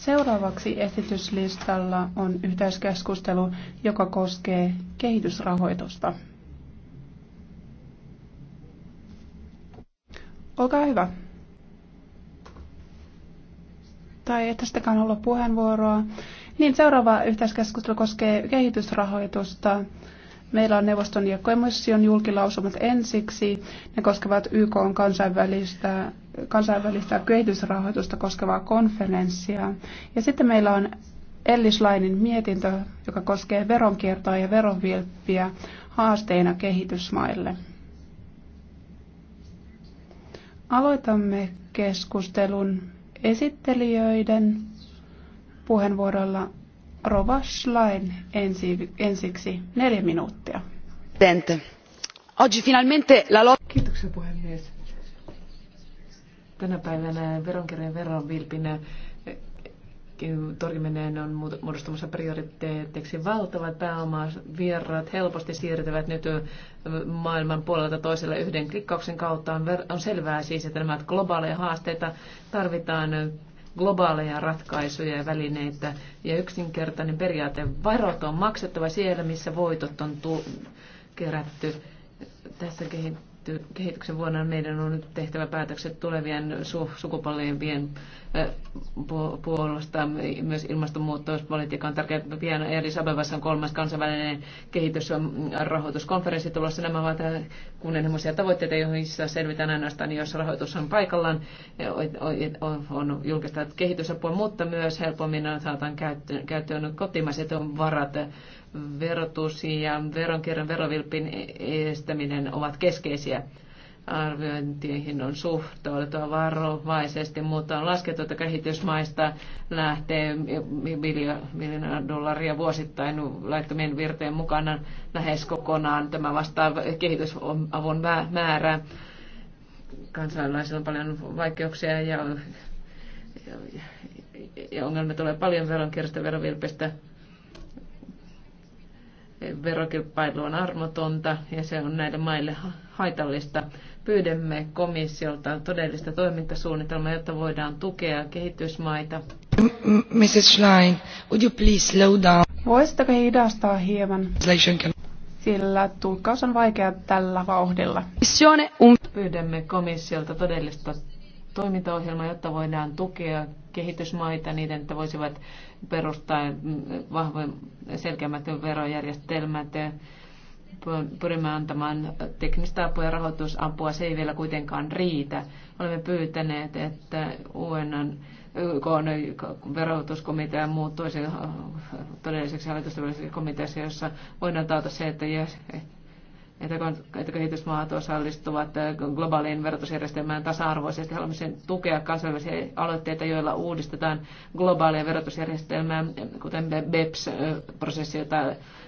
Seuraavaksi esityslistalla on yhteiskeskustelu, joka koskee kehitysrahoitusta. Olkaa hyvä. Tai ei tästäkään olla puheenvuoroa. Niin, seuraava yhteiskeskustelu koskee kehitysrahoitusta. Meillä on neuvoston ja komission julkilausumat ensiksi. Ne koskevat YK on kansainvälistä kansainvälistä kehitysrahoitusta koskevaa konferenssia. Ja sitten meillä on Ellis Lainin mietintö, joka koskee veronkiertoa ja veronvilppiä haasteina kehitysmaille. Aloitamme keskustelun esittelijöiden puheenvuorolla Rova Schlein ensi, ensiksi neljä minuuttia. Oggi finalmente la Kiitoksia puhemies Tänä päivänä veronkirjan vilpinä eh, torjuminen on muodostumassa prioriteetiksi. Valtavat pääomavirrat helposti siirtyvät nyt maailman puolelta toiselle yhden klikkauksen kautta. On, selvää siis, että nämä globaaleja haasteita tarvitaan globaaleja ratkaisuja ja välineitä. Ja yksinkertainen periaate, varot on maksettava siellä, missä voitot on kerätty. Tässä kehittyy kehityksen vuonna meidän on nyt tehtävä päätökset tulevien su- sukupolvien puolesta. Myös ilmastonmuutospolitiikka on tärkeä. Pian Eris Abebassa on kolmas kansainvälinen kehitysrahoituskonferenssi tulossa. Nämä ovat kunnianhimoisia tavoitteita, joissa selvitään ainoastaan, jos rahoitus on paikallaan. E, e, on julkista kehitysapua, mutta myös helpommin saataan käyttöön kotimaiset varat verotus ja veronkierron verovilpin estäminen ovat keskeisiä. Arviointiin on suhtautua varovaisesti, mutta on laskettu, että kehitysmaista lähtee miljoonaa dollaria vuosittain laittomien virtojen mukana lähes kokonaan. Tämä vastaa kehitysavun määrää. Kansalaisilla on paljon vaikeuksia ja, ja, ja ongelmia tulee paljon veronkierrosta verovilpistä verokilpailu on armotonta ja se on näille maille haitallista. Pyydämme komissiolta todellista toimintasuunnitelmaa, jotta voidaan tukea kehitysmaita. Mrs. Schlein, would you please slow down? Voisitteko hidastaa hieman? Sillä tulkkaus on vaikea tällä vauhdilla. Pyydämme komissiolta todellista toimintaohjelmaa, jotta voidaan tukea kehitysmaita niiden, että voisivat perustaa vahvoin selkeämmät verojärjestelmät. Pyrimme antamaan teknistä apua ja rahoitusapua. Se ei vielä kuitenkaan riitä. Olemme pyytäneet, että UNN verotuskomitea muuttuisi todelliseksi hallitusten komiteassa, jossa voidaan taata se, että että kehitysmaat osallistuvat äh, globaaliin verotusjärjestelmään tasa-arvoisesti. Haluamme sen tukea kansainvälisiä aloitteita, joilla uudistetaan globaalia verotusjärjestelmää, kuten BEPS-prosessi, äh, jota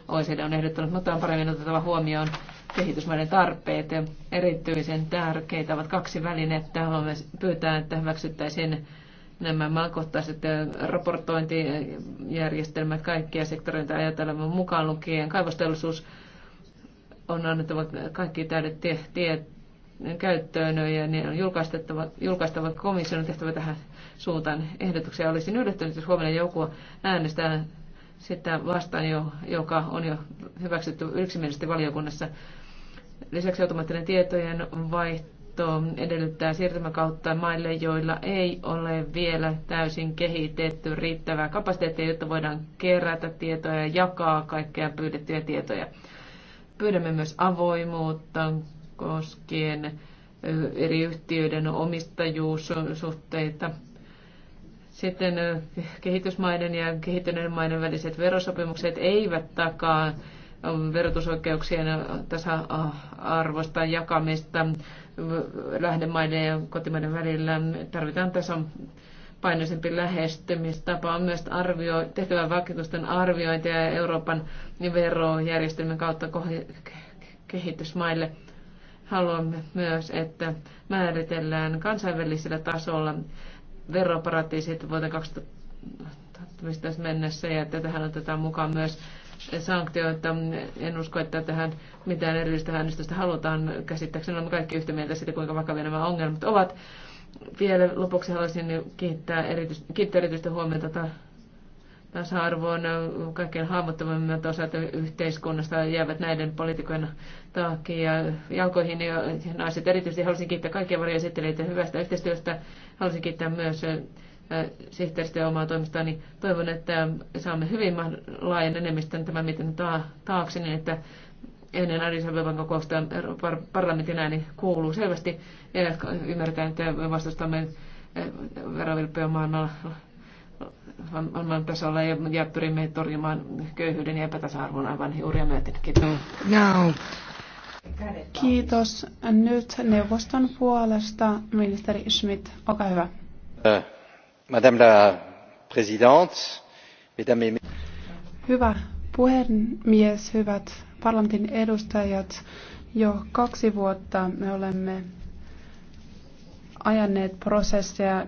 OECD on ehdottanut, mutta on paremmin otettava huomioon kehitysmaiden tarpeet. Erityisen tärkeitä ovat kaksi välinettä. Haluamme pyytää, että hyväksyttäisiin nämä maankohtaiset äh, raportointijärjestelmät kaikkia sektoreita ajatellaan mukaan lukien kaivosteollisuus, on annettava kaikki täydet tiet käyttöön ja ne on julkaistettava. julkaistava komission on tehtävä tähän suuntaan ehdotuksia. Olisin yllättynyt, jos huomenna joku äänestää sitä vastaan, jo, joka on jo hyväksytty yksimielisesti valiokunnassa. Lisäksi automaattinen tietojen vaihto edellyttää siirtymäkautta maille, joilla ei ole vielä täysin kehitetty riittävää kapasiteettia, jotta voidaan kerätä tietoja ja jakaa kaikkea pyydettyjä tietoja. Pyydämme myös avoimuutta koskien eri yhtiöiden omistajuussuhteita. Sitten kehitysmaiden ja kehittyneiden maiden väliset verosopimukset eivät takaa verotusoikeuksien tasa-arvosta jakamista lähdemaiden ja kotimaiden välillä. Tarvitaan tasa painoisempi lähestymistapa on myös arvio, tehtävän vaikutusten arviointia ja Euroopan verojärjestelmän kautta kehitysmaille. Haluamme myös, että määritellään kansainvälisellä tasolla veroparatiisit vuoteen 2000 mennessä ja että tähän otetaan mukaan myös sanktioita. En usko, että tähän mitään erillistä äänestystä halutaan. Käsittääkseni olemme kaikki yhtä mieltä siitä, kuinka vakavia nämä ongelmat ovat. Vielä lopuksi haluaisin kiittää, erityis- kiittää erityistä huomiota tasa-arvoon kaikkein hahmottomimmat osat yhteiskunnasta jäävät näiden taakki ja jalkoihin ja naiset. Erityisesti haluaisin kiittää kaikkia varjoesittelijöitä hyvästä yhteistyöstä. Haluaisin kiittää myös sihteeristä omaa toimistani. Niin toivon, että saamme hyvin laajan enemmistön tämän miten taakse, niin että ennen Addis Abeban kokousta parlamentin ääni kuuluu selvästi. Eivät ymmärtää, että vastustamme eh, verovilppeä maailmalla maailman tasolla ja, ja pyrimme torjumaan köyhyyden ja epätasa-arvon aivan juuria myöten. Kiitos. No. Kiitos. Nyt neuvoston puolesta ministeri Schmidt, olkaa hyvä. Eh, madame la présidente, mesdames et Hyvä puhemies, hyvät parlamentin edustajat, jo kaksi vuotta me olemme ajaneet prosessia,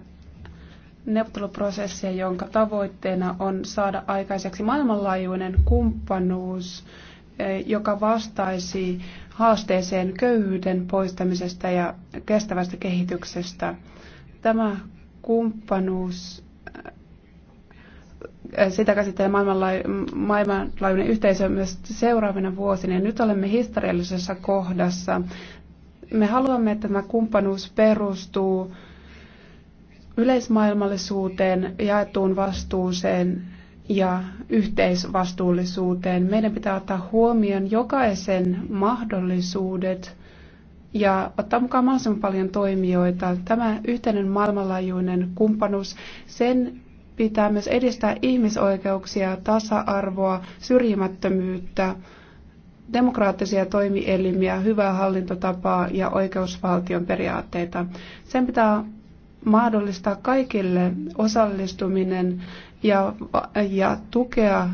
neuvotteluprosessia, jonka tavoitteena on saada aikaiseksi maailmanlaajuinen kumppanuus, eh, joka vastaisi haasteeseen köyhyyden poistamisesta ja kestävästä kehityksestä. Tämä kumppanuus sitä käsittelee maailmanlaajuinen yhteisö myös seuraavina vuosina. Ja nyt olemme historiallisessa kohdassa. Me haluamme, että tämä kumppanuus perustuu yleismaailmallisuuteen, jaettuun vastuuseen ja yhteisvastuullisuuteen. Meidän pitää ottaa huomioon jokaisen mahdollisuudet ja ottaa mukaan mahdollisimman paljon toimijoita. Tämä yhteinen maailmanlaajuinen kumppanuus, sen pitää myös edistää ihmisoikeuksia, tasa-arvoa, syrjimättömyyttä, demokraattisia toimielimiä, hyvää hallintotapaa ja oikeusvaltion periaatteita. Sen pitää mahdollistaa kaikille osallistuminen ja, ja tukea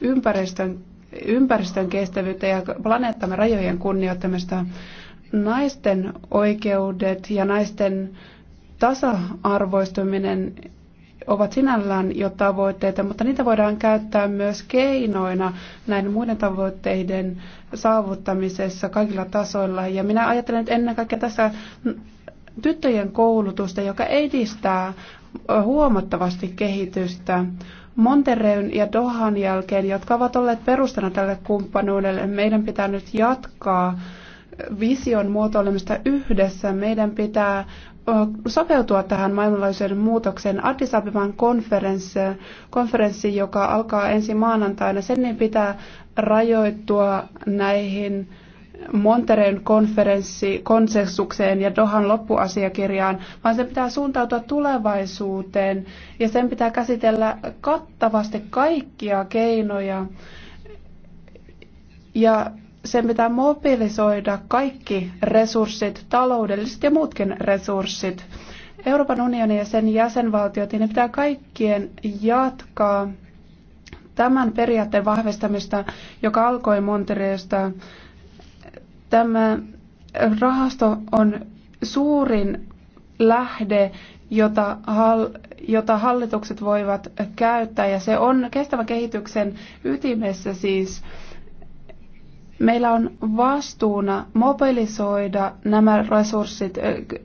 ympäristön, ympäristön kestävyyttä ja planeettamme rajojen kunnioittamista. Naisten oikeudet ja naisten tasa-arvoistuminen ovat sinällään jo tavoitteita, mutta niitä voidaan käyttää myös keinoina näiden muiden tavoitteiden saavuttamisessa kaikilla tasoilla. Ja minä ajattelen, että ennen kaikkea tässä tyttöjen koulutusta, joka edistää huomattavasti kehitystä. Montereyn ja Dohan jälkeen, jotka ovat olleet perustana tälle kumppanuudelle, meidän pitää nyt jatkaa vision muotoilemista yhdessä. Meidän pitää sopeutua tähän maailmanlaajuiseen muutokseen. Addis Abeban konferenssi, konferenssi, joka alkaa ensi maanantaina, sen niin pitää rajoittua näihin Montereen konferenssi konsensukseen ja Dohan loppuasiakirjaan, vaan sen pitää suuntautua tulevaisuuteen ja sen pitää käsitellä kattavasti kaikkia keinoja ja sen pitää mobilisoida kaikki resurssit, taloudelliset ja muutkin resurssit. Euroopan unioni ja sen jäsenvaltiot, niin ne pitää kaikkien jatkaa tämän periaatteen vahvistamista, joka alkoi Montereosta. Tämä rahasto on suurin lähde, jota, hal, jota hallitukset voivat käyttää, ja se on kestävän kehityksen ytimessä siis. Meillä on vastuuna mobilisoida nämä resurssit,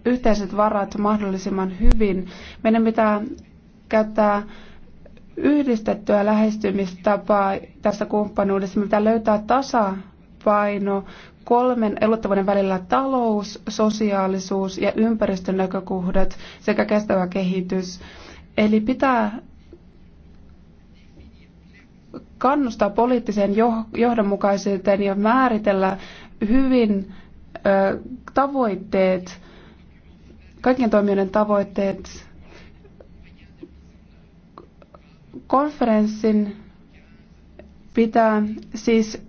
yhteiset varat mahdollisimman hyvin. Meidän pitää käyttää yhdistettyä lähestymistapaa tässä kumppanuudessa. meidän pitää löytää tasapaino kolmen elottavuuden välillä talous, sosiaalisuus ja ympäristön sekä kestävä kehitys. Eli pitää kannustaa poliittiseen johdonmukaisuuteen ja määritellä hyvin tavoitteet, kaikkien toimijoiden tavoitteet. Konferenssin pitää siis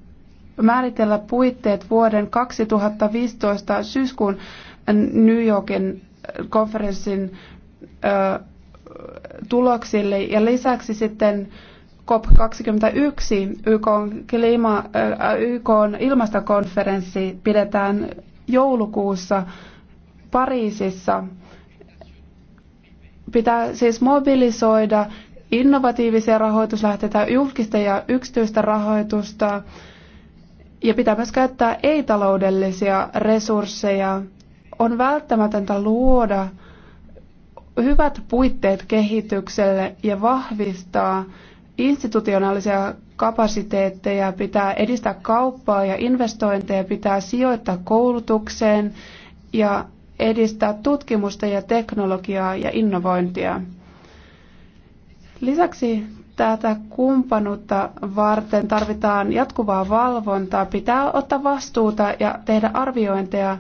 määritellä puitteet vuoden 2015 syyskuun New Yorkin konferenssin tuloksille ja lisäksi sitten COP21 YK, klima, äh, YK ilmastokonferenssi pidetään joulukuussa Pariisissa. Pitää siis mobilisoida innovatiivisia rahoituslähteitä, julkista ja yksityistä rahoitusta ja pitää myös käyttää ei-taloudellisia resursseja. On välttämätöntä luoda hyvät puitteet kehitykselle ja vahvistaa institutionaalisia kapasiteetteja, pitää edistää kauppaa ja investointeja, pitää sijoittaa koulutukseen ja edistää tutkimusta ja teknologiaa ja innovointia. Lisäksi tätä kumppanuutta varten tarvitaan jatkuvaa valvontaa, pitää ottaa vastuuta ja tehdä arviointeja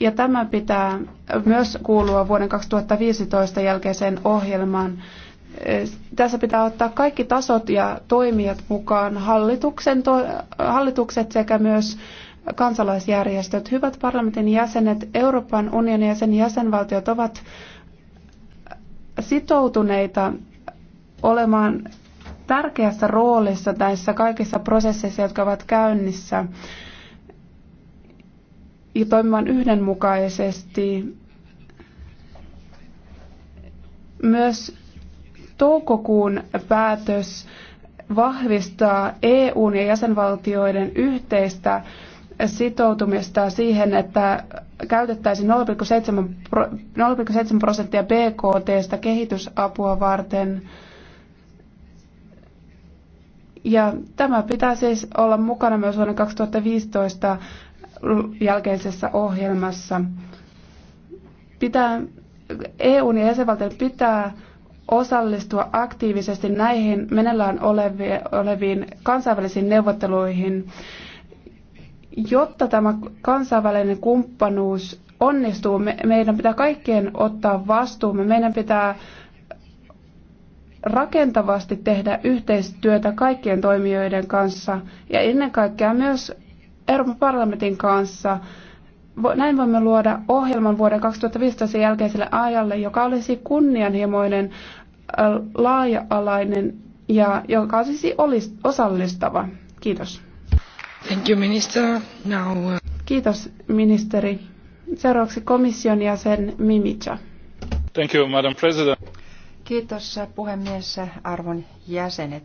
ja tämä pitää myös kuulua vuoden 2015 jälkeiseen ohjelmaan tässä pitää ottaa kaikki tasot ja toimijat mukaan, hallituksen hallitukset sekä myös kansalaisjärjestöt. Hyvät parlamentin jäsenet, Euroopan unionin ja sen jäsenvaltiot ovat sitoutuneita olemaan tärkeässä roolissa näissä kaikissa prosesseissa, jotka ovat käynnissä ja toimimaan yhdenmukaisesti. Myös toukokuun päätös vahvistaa EUn ja jäsenvaltioiden yhteistä sitoutumista siihen, että käytettäisiin 0,7 prosenttia BKTstä kehitysapua varten. Ja tämä pitää siis olla mukana myös vuoden 2015 jälkeisessä ohjelmassa. Pitää, EUn ja jäsenvaltioiden pitää osallistua aktiivisesti näihin meneillään oleviin kansainvälisiin neuvotteluihin. Jotta tämä kansainvälinen kumppanuus onnistuu, meidän pitää kaikkien ottaa vastuumme. Meidän pitää rakentavasti tehdä yhteistyötä kaikkien toimijoiden kanssa ja ennen kaikkea myös Euroopan parlamentin kanssa. Näin voimme luoda ohjelman vuoden 2015 jälkeiselle ajalle, joka olisi kunnianhimoinen laaja-alainen ja joka siis olisi osallistava. Kiitos. Thank you, minister. Now, uh... Kiitos, ministeri. Seuraavaksi komission jäsen Mimica. Thank you, Madam President. Kiitos puhemies, arvon jäsenet.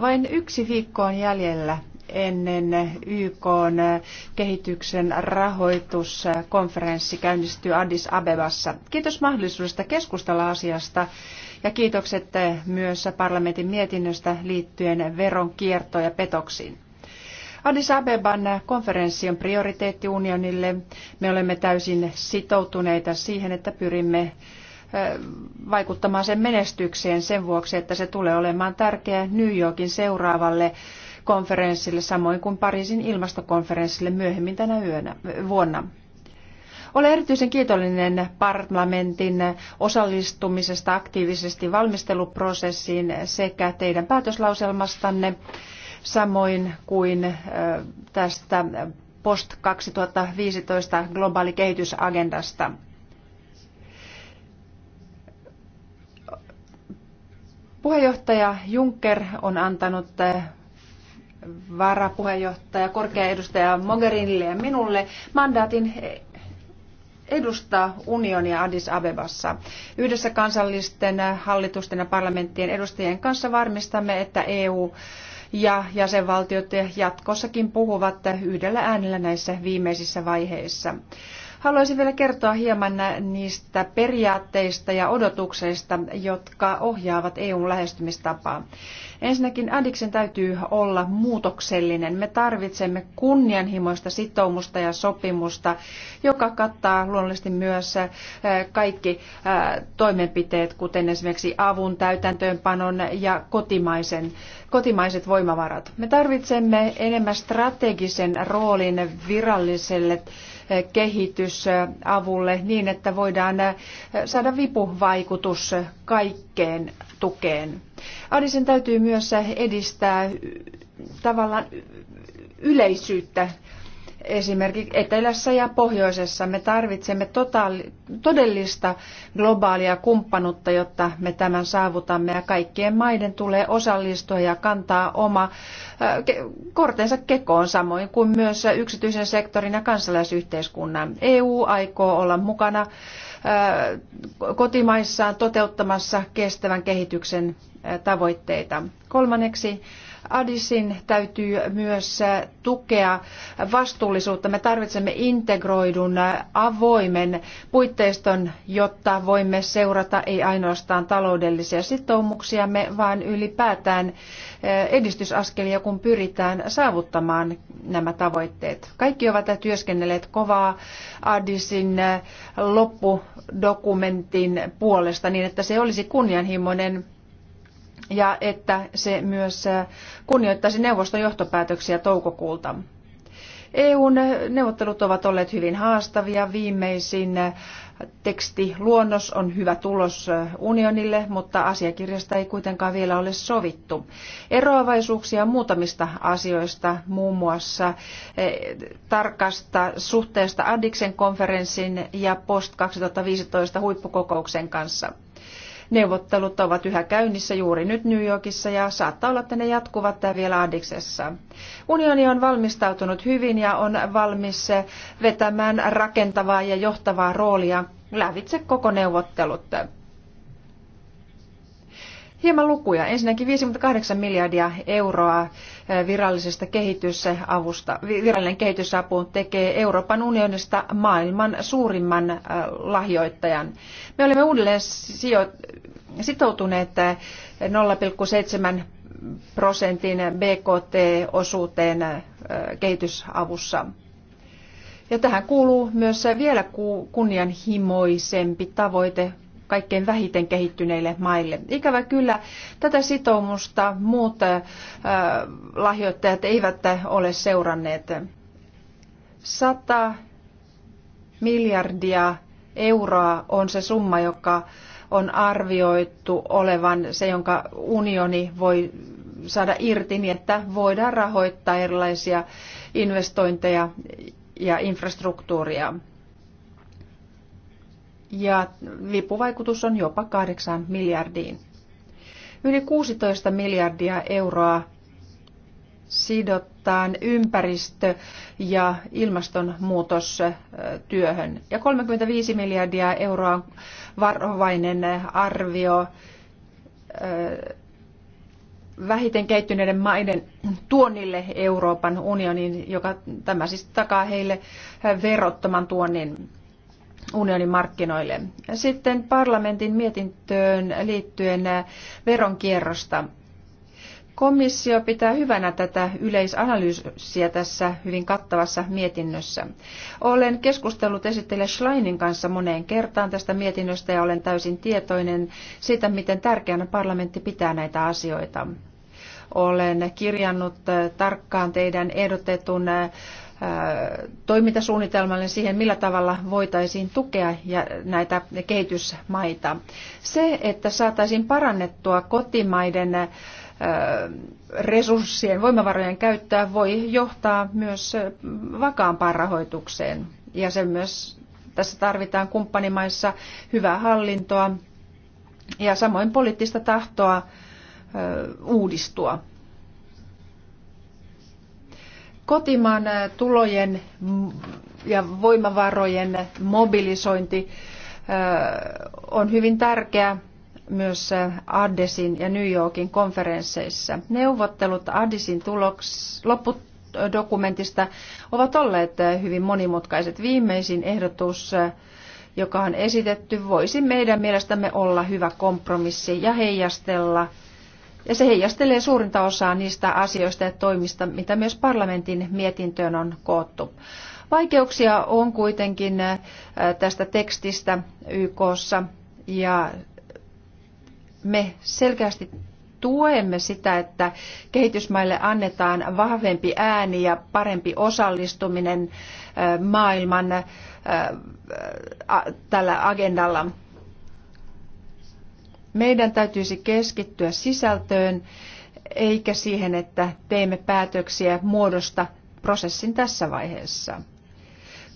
Vain yksi viikko on jäljellä ennen YK kehityksen rahoituskonferenssi käynnistyy Addis Abebassa. Kiitos mahdollisuudesta keskustella asiasta ja kiitokset myös parlamentin mietinnöstä liittyen veronkiertoon ja petoksiin. Addis Abeban konferenssi on prioriteetti unionille. Me olemme täysin sitoutuneita siihen, että pyrimme vaikuttamaan sen menestykseen sen vuoksi, että se tulee olemaan tärkeä New Yorkin seuraavalle konferenssille, samoin kuin Pariisin ilmastokonferenssille myöhemmin tänä yönä, vuonna. Olen erityisen kiitollinen parlamentin osallistumisesta aktiivisesti valmisteluprosessiin sekä teidän päätöslauselmastanne, samoin kuin tästä post 2015 globaali kehitysagendasta. Puheenjohtaja Juncker on antanut varapuheenjohtaja, korkea edustaja Mogherinille ja minulle mandaatin edustaa unionia Addis Abebassa. Yhdessä kansallisten hallitusten ja parlamenttien edustajien kanssa varmistamme, että EU ja jäsenvaltiot jatkossakin puhuvat yhdellä äänellä näissä viimeisissä vaiheissa. Haluaisin vielä kertoa hieman niistä periaatteista ja odotukseista, jotka ohjaavat EUn lähestymistapaa. Ensinnäkin Adiksen täytyy olla muutoksellinen. Me tarvitsemme kunnianhimoista sitoumusta ja sopimusta, joka kattaa luonnollisesti myös eh, kaikki eh, toimenpiteet, kuten esimerkiksi avun täytäntöönpanon ja kotimaisen, kotimaiset voimavarat. Me tarvitsemme enemmän strategisen roolin viralliselle kehitysavulle niin, että voidaan äh, saada vipuvaikutus kaikkeen tukeen. Adisen täytyy myös edistää äh, tavallaan yleisyyttä esimerkiksi etelässä ja pohjoisessa. Me tarvitsemme totaali, todellista globaalia kumppanuutta, jotta me tämän saavutamme ja kaikkien maiden tulee osallistua ja kantaa oma äh, kortensa kekoon samoin kuin myös yksityisen sektorin ja kansalaisyhteiskunnan. EU aikoo olla mukana äh, kotimaissaan toteuttamassa kestävän kehityksen äh, tavoitteita. Kolmanneksi Addisin täytyy myös äh, tukea vastuullisuutta. Me tarvitsemme integroidun äh, avoimen puitteiston, jotta voimme seurata ei ainoastaan taloudellisia sitoumuksiamme, vaan ylipäätään äh, edistysaskelia, kun pyritään saavuttamaan nämä tavoitteet. Kaikki ovat työskennelleet kovaa Addisin loppudokumentin puolesta niin, että se olisi kunnianhimoinen ja että se myös äh, kunnioittaisi neuvoston johtopäätöksiä toukokuulta. EUn äh, neuvottelut ovat olleet hyvin haastavia. Viimeisin äh, tekstiluonnos on hyvä tulos unionille, mutta asiakirjasta ei kuitenkaan vielä ole sovittu. Eroavaisuuksia muutamista asioista, muun muassa tarkasta suhteesta Addiksen konferenssin ja Post 2015 huippukokouksen kanssa. Neuvottelut ovat yhä käynnissä juuri nyt New Yorkissa ja saattaa olla, että ne jatkuvat vielä Adiksessa. Unioni on valmistautunut hyvin ja on valmis vetämään rakentavaa ja johtavaa roolia lävitse koko neuvottelut. Hieman lukuja. Ensinnäkin 58 miljardia euroa eh, virallisesta kehitysavusta. Virallinen kehitysapu tekee Euroopan unionista maailman suurimman eh, lahjoittajan. Me olemme uudelleen sitoutuneet 0,7 eh, prosentin BKT-osuuteen kehitysavussa. Ja tähän kuuluu myös vielä kunnianhimoisempi tavoite kaikkein vähiten kehittyneille maille. Ikävä kyllä tätä sitoumusta muut lahjoittajat eivät ole seuranneet. 100 miljardia euroa on se summa, joka on arvioitu olevan se, jonka unioni voi saada irti, niin että voidaan rahoittaa erilaisia investointeja ja infrastruktuuria ja vipuvaikutus on jopa 8 miljardiin. Yli 16 miljardia euroa sidottaan ympäristö- ja ilmastonmuutostyöhön. Ja 35 miljardia euroa on varovainen arvio vähiten kehittyneiden maiden tuonnille Euroopan unioniin, joka tämä siis takaa heille verottoman tuonnin unionin markkinoille. Sitten parlamentin mietintöön liittyen äh, veronkierrosta. Komissio pitää hyvänä tätä yleisanalyysiä tässä hyvin kattavassa mietinnössä. Olen keskustellut esittelijä Schleinin kanssa moneen kertaan tästä mietinnöstä ja olen täysin tietoinen siitä, miten tärkeänä parlamentti pitää näitä asioita. Olen kirjannut äh, tarkkaan teidän ehdotetun äh, toimintasuunnitelmalle siihen, millä tavalla voitaisiin tukea näitä kehitysmaita. Se, että saataisiin parannettua kotimaiden resurssien, voimavarojen käyttöä, voi johtaa myös vakaampaan rahoitukseen. Ja se myös tässä tarvitaan kumppanimaissa hyvää hallintoa ja samoin poliittista tahtoa uudistua kotimaan äh, tulojen ja voimavarojen mobilisointi äh, on hyvin tärkeä myös äh, Addesin ja New Yorkin konferensseissa. Neuvottelut Addisin tuloks, loppudokumentista ovat olleet hyvin monimutkaiset. Viimeisin ehdotus, joka on esitetty, voisi meidän mielestämme olla hyvä kompromissi ja heijastella ja se heijastelee suurinta osaa niistä asioista ja toimista, mitä myös parlamentin mietintöön on koottu. Vaikeuksia on kuitenkin äh, tästä tekstistä YKssa ja me selkeästi tuemme sitä, että kehitysmaille annetaan vahvempi ääni ja parempi osallistuminen äh, maailman äh, tällä agendalla. Meidän täytyisi keskittyä sisältöön eikä siihen, että teemme päätöksiä muodosta prosessin tässä vaiheessa.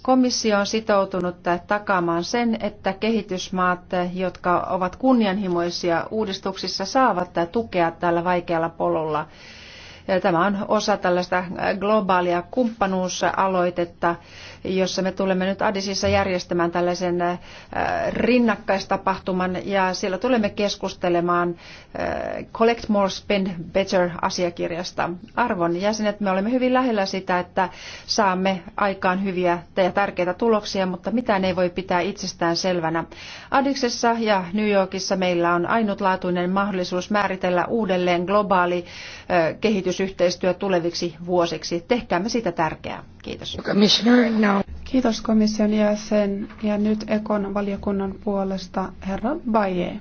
Komissio on sitoutunut takaamaan sen, että kehitysmaat, jotka ovat kunnianhimoisia uudistuksissa, saavat tukea tällä vaikealla polulla. Tämä on osa tällaista globaalia kumppanuusaloitetta, jossa me tulemme nyt Adisissa järjestämään tällaisen äh, rinnakkaistapahtuman ja siellä tulemme keskustelemaan äh, Collect More, Spend Better asiakirjasta. Arvon jäsenet, me olemme hyvin lähellä sitä, että saamme aikaan hyviä ja tärkeitä tuloksia, mutta mitään ei voi pitää itsestään selvänä. Adiksessa ja New Yorkissa meillä on ainutlaatuinen mahdollisuus määritellä uudelleen globaali äh, kehitysyhteistyö tuleviksi vuosiksi. Tehkäämme sitä tärkeää. Kiitos. Commissioner, Kiitos komission jäsen ja nyt Ekon valiokunnan puolesta herra Baye.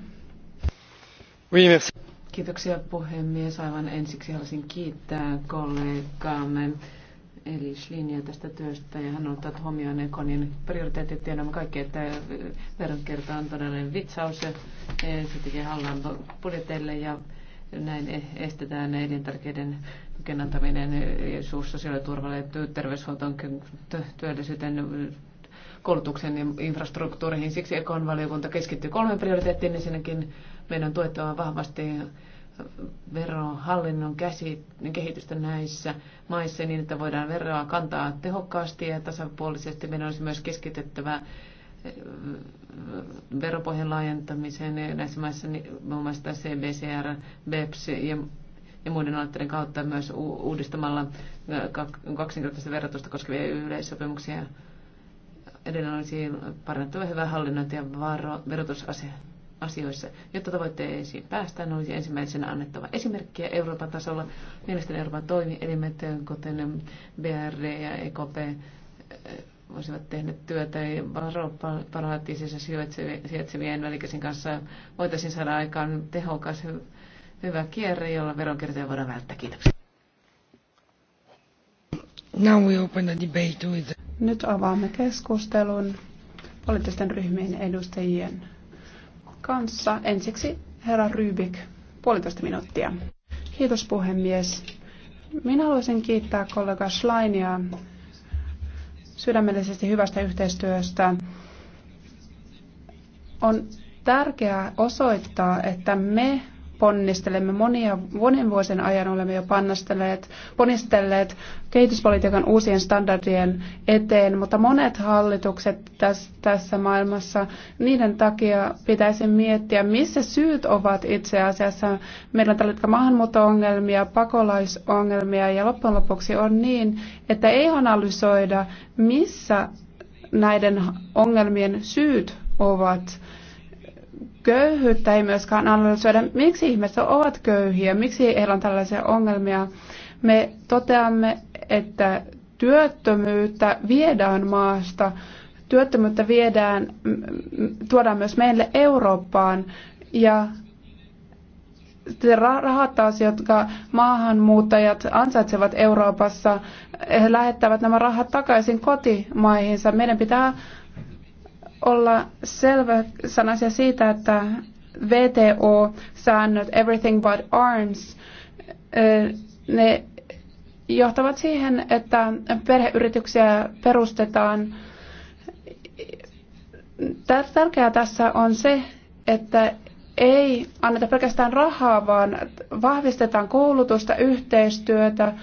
Oui, merci. Kiitoksia puhemies. Aivan ensiksi haluaisin kiittää kollegaamme eli Schlinia tästä työstä ja hän on ottanut huomioon Ekonin prioriteetit. Tiedämme kaikki, että veronkierto on todellinen vitsaus ja se tekee hallan budjeteille ja näin e- estetään elintärkeiden tukien antaminen suus- sosiaaliturvalle, terveyshuoltoon, työllisyyteen, koulutuksen ja infrastruktuuriin. Siksi Ekon valiokunta keskittyy kolmen prioriteettiin. Ensinnäkin meidän on tuettava vahvasti verohallinnon kehitystä näissä maissa niin, että voidaan veroa kantaa tehokkaasti ja tasapuolisesti. Meidän olisi myös keskitettävä veropohjan laajentamiseen näissä maissa, niin muun muassa CBCR, BEPS ja, ja muiden aloitteiden kautta myös uudistamalla kaksinkertaista verotusta koskevia yleissopimuksia. Edellä olisi parannettava hyvää hallinnointia verotusasioissa. Jotta tavoitteisiin päästään, olisi ensimmäisenä annettava esimerkkiä Euroopan tasolla. Mielestäni Euroopan toimielimet, kuten BRD ja EKP, voisivat tehdä työtä paratiisissa sijaitsevien välikäsin kanssa, voitaisiin saada aikaan tehokas hyvä kierre, jolla veronkiertoja voidaan välttää. Kiitoksia. Now we open the debate with... Nyt avaamme keskustelun poliittisten ryhmien edustajien kanssa. Ensiksi herra Rybik, puolitoista minuuttia. Kiitos puhemies. Minä haluaisin kiittää kollega Schleinia sydämellisesti hyvästä yhteistyöstä. On tärkeää osoittaa, että me ponnistelemme monia, monen vuosien ajan olemme jo pannastelleet, ponnistelleet kehityspolitiikan uusien standardien eteen, mutta monet hallitukset tässä, tässä maailmassa, niiden takia pitäisi miettiä, missä syyt ovat itse asiassa. Meillä on tällä hetkellä maahanmuutto-ongelmia, pakolaisongelmia ja loppujen lopuksi on niin, että ei analysoida, missä näiden ongelmien syyt ovat köyhyyttä ei myöskään analysoida. Miksi ihmiset ovat köyhiä? Miksi heillä on tällaisia ongelmia? Me toteamme, että työttömyyttä viedään maasta, työttömyyttä viedään, tuodaan myös meille Eurooppaan ja rahat taas, jotka maahanmuuttajat ansaitsevat Euroopassa, he lähettävät nämä rahat takaisin kotimaihinsa. Meidän pitää olla selvä sanasia siitä, että VTO-säännöt, everything but arms, ne johtavat siihen, että perheyrityksiä perustetaan. Tärkeää tässä on se, että ei anneta pelkästään rahaa, vaan vahvistetaan koulutusta, yhteistyötä,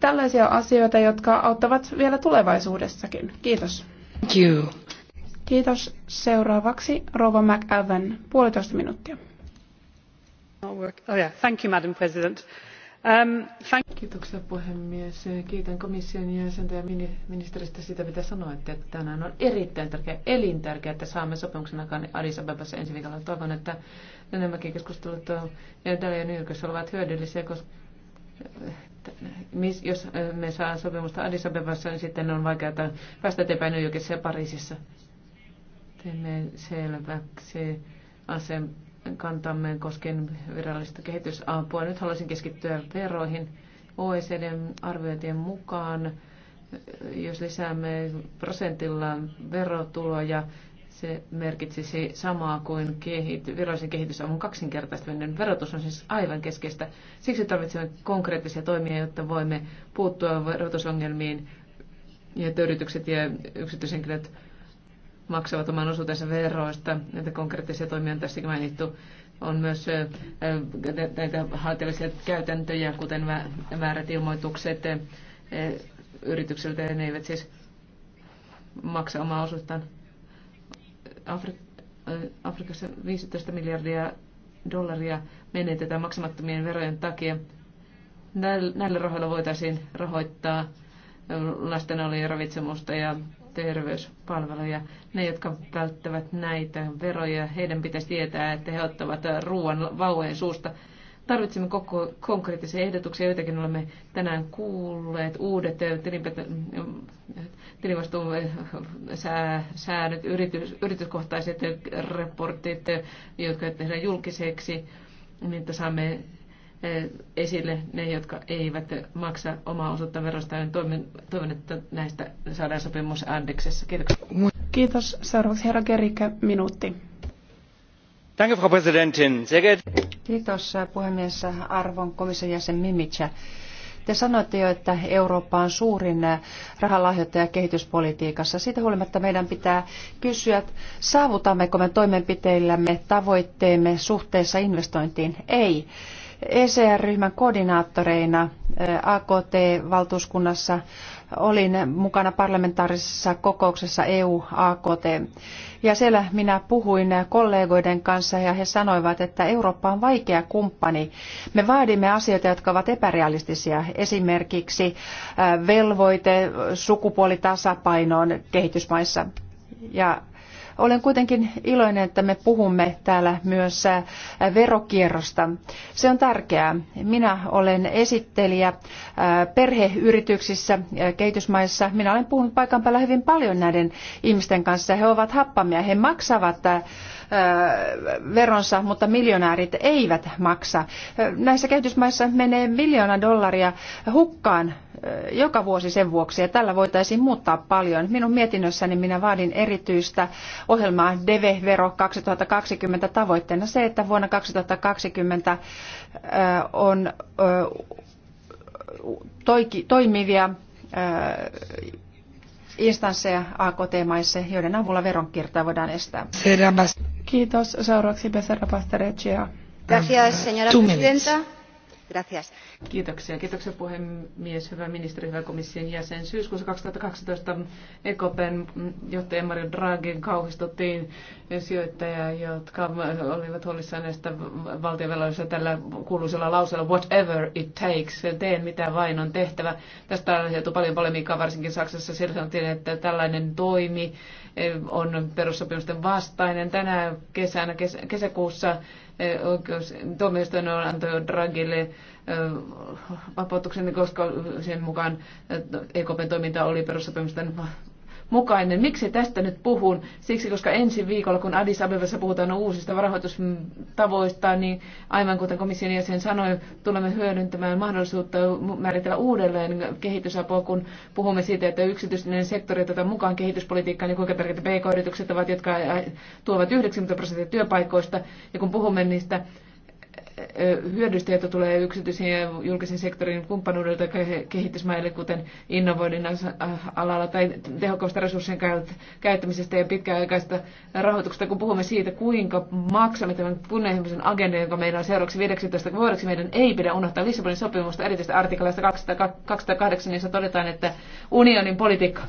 tällaisia asioita, jotka auttavat vielä tulevaisuudessakin. Kiitos. Thank you. Kiitos. Seuraavaksi Rova McAven, puolitoista minuuttia. Oh, um, Kiitoksia puhemies. Kiitän komission jäsentä ja ministeristä sitä, mitä sanoitte, että tänään on erittäin tärkeä, elintärkeää, että saamme sopimuksen aikaan Addis Abebassa ensi viikolla. Toivon, että enemmänkin keskustelut ja Dalia Nyrkössä ovat hyödyllisiä, koska jos me saamme sopimusta Addis Abebassa, niin sitten on vaikeaa päästä eteenpäin New Yorkissa ja Pariisissa teemme selväksi asem kantamme koskien virallista kehitysapua. Nyt haluaisin keskittyä veroihin. OECDn arviointien mukaan, jos lisäämme prosentilla verotuloja, se merkitsisi samaa kuin kehity, virallisen kehitysavun kaksinkertaistaminen. Verotus on siis aivan keskeistä. Siksi tarvitsemme konkreettisia toimia, jotta voimme puuttua verotusongelmiin, ja yritykset ja yksityishenkilöt maksavat oman osuutensa veroista. Näitä konkreettisia toimia on tässäkin mainittu. On myös näitä haitallisia käytäntöjä, kuten väärät ilmoitukset yrityksiltä, ne eivät siis maksa omaa osuuttaan. Afri- Afrikassa 15 miljardia dollaria menetetään maksamattomien verojen takia. Näillä rahoilla voitaisiin rahoittaa lastenolien ravitsemusta ja terveyspalveluja. Ne, jotka välttävät näitä veroja, heidän pitäisi tietää, että he ottavat ruoan vauvojen suusta. Tarvitsemme koko konkreettisia ehdotuksia, joitakin olemme tänään kuulleet. Uudet eh, tilivastuun eh, eh, säännöt, yritys, yrityskohtaiset raportit, jotka tehdään julkiseksi, niin että saamme Eh, esille ne, jotka eivät maksa omaa osuutta verosta. Toivon, toivon, että näistä saadaan sopimus Andeksessa. Kiitoksia. Kiitos. Seuraavaksi herra Gerikä, minuutti. Danke, Frau Präsidentin. Sehr Kiitos äh, puhemies arvon komission jäsen Mimica. Te sanoitte jo, että Eurooppa on suurin äh, rahalahjoittaja kehityspolitiikassa. Siitä huolimatta meidän pitää kysyä, saavutammeko me toimenpiteillämme tavoitteemme suhteessa investointiin? Ei ECR-ryhmän koordinaattoreina AKT-valtuuskunnassa olin mukana parlamentaarisessa kokouksessa EU-AKT. Ja siellä minä puhuin kollegoiden kanssa ja he sanoivat, että Eurooppa on vaikea kumppani. Me vaadimme asioita, jotka ovat epärealistisia. Esimerkiksi velvoite sukupuolitasapainoon kehitysmaissa. Ja olen kuitenkin iloinen, että me puhumme täällä myös verokierrosta. Se on tärkeää. Minä olen esittelijä perheyrityksissä kehitysmaissa. Minä olen puhunut paikan päällä hyvin paljon näiden ihmisten kanssa. He ovat happamia. He maksavat veronsa, mutta miljonäärit eivät maksa. Näissä kehitysmaissa menee miljoona dollaria hukkaan joka vuosi sen vuoksi, ja tällä voitaisiin muuttaa paljon. Minun mietinnössäni minä vaadin erityistä ohjelmaa DEVE-vero 2020 tavoitteena se, että vuonna 2020 on toimivia instansseja AKT-maissa, joiden avulla veronkiertoa voidaan estää. Kiitos. Seuraavaksi Besera Pastereccia. Gracias, señora presidenta. Gracias. Kiitoksia. Kiitoksia puhemies, hyvä ministeri, hyvä komission jäsen. Syyskuussa 2012 EKPn johtaja Mario Draghin kauhistuttiin sijoittajia, jotka olivat huolissaan näistä valtionveloista tällä kuuluisella lauseella whatever it takes, teen mitä vain on tehtävä. Tästä on paljon polemiikkaa varsinkin Saksassa. Siellä sanottiin, että tällainen toimi on perussopimusten vastainen. Tänä kesänä, kes, kesäkuussa oikeus, tuomioistuin antoi Dragille vapautuksen, koska sen mukaan EKPn toiminta oli perussopimusten mukainen. Miksi tästä nyt puhun? Siksi, koska ensi viikolla, kun Addis Abebassa puhutaan uusista rahoitustavoista, niin aivan kuten komission jäsen sanoi, tulemme hyödyntämään mahdollisuutta määritellä uudelleen kehitysapua, kun puhumme siitä, että yksityinen sektori tätä mukaan kehityspolitiikkaan, niin kuinka tärkeitä pk-yritykset ovat, jotka tuovat 90 prosenttia työpaikoista, ja kun puhumme niistä hyödystä, jota tulee yksityisen ja julkisen sektorin kumppanuudelta kehitysmaille, kuten innovoinnin alalla tai tehokkaasta resurssien käyttämisestä ja pitkäaikaista rahoituksesta, kun puhumme siitä, kuinka maksamme tämän kunnianhimoisen agendan, joka meillä on seuraavaksi 15 vuodeksi. Meidän ei pidä unohtaa Lissabonin sopimusta, erityisesti artiklasta 208, jossa todetaan, että unionin politiikka...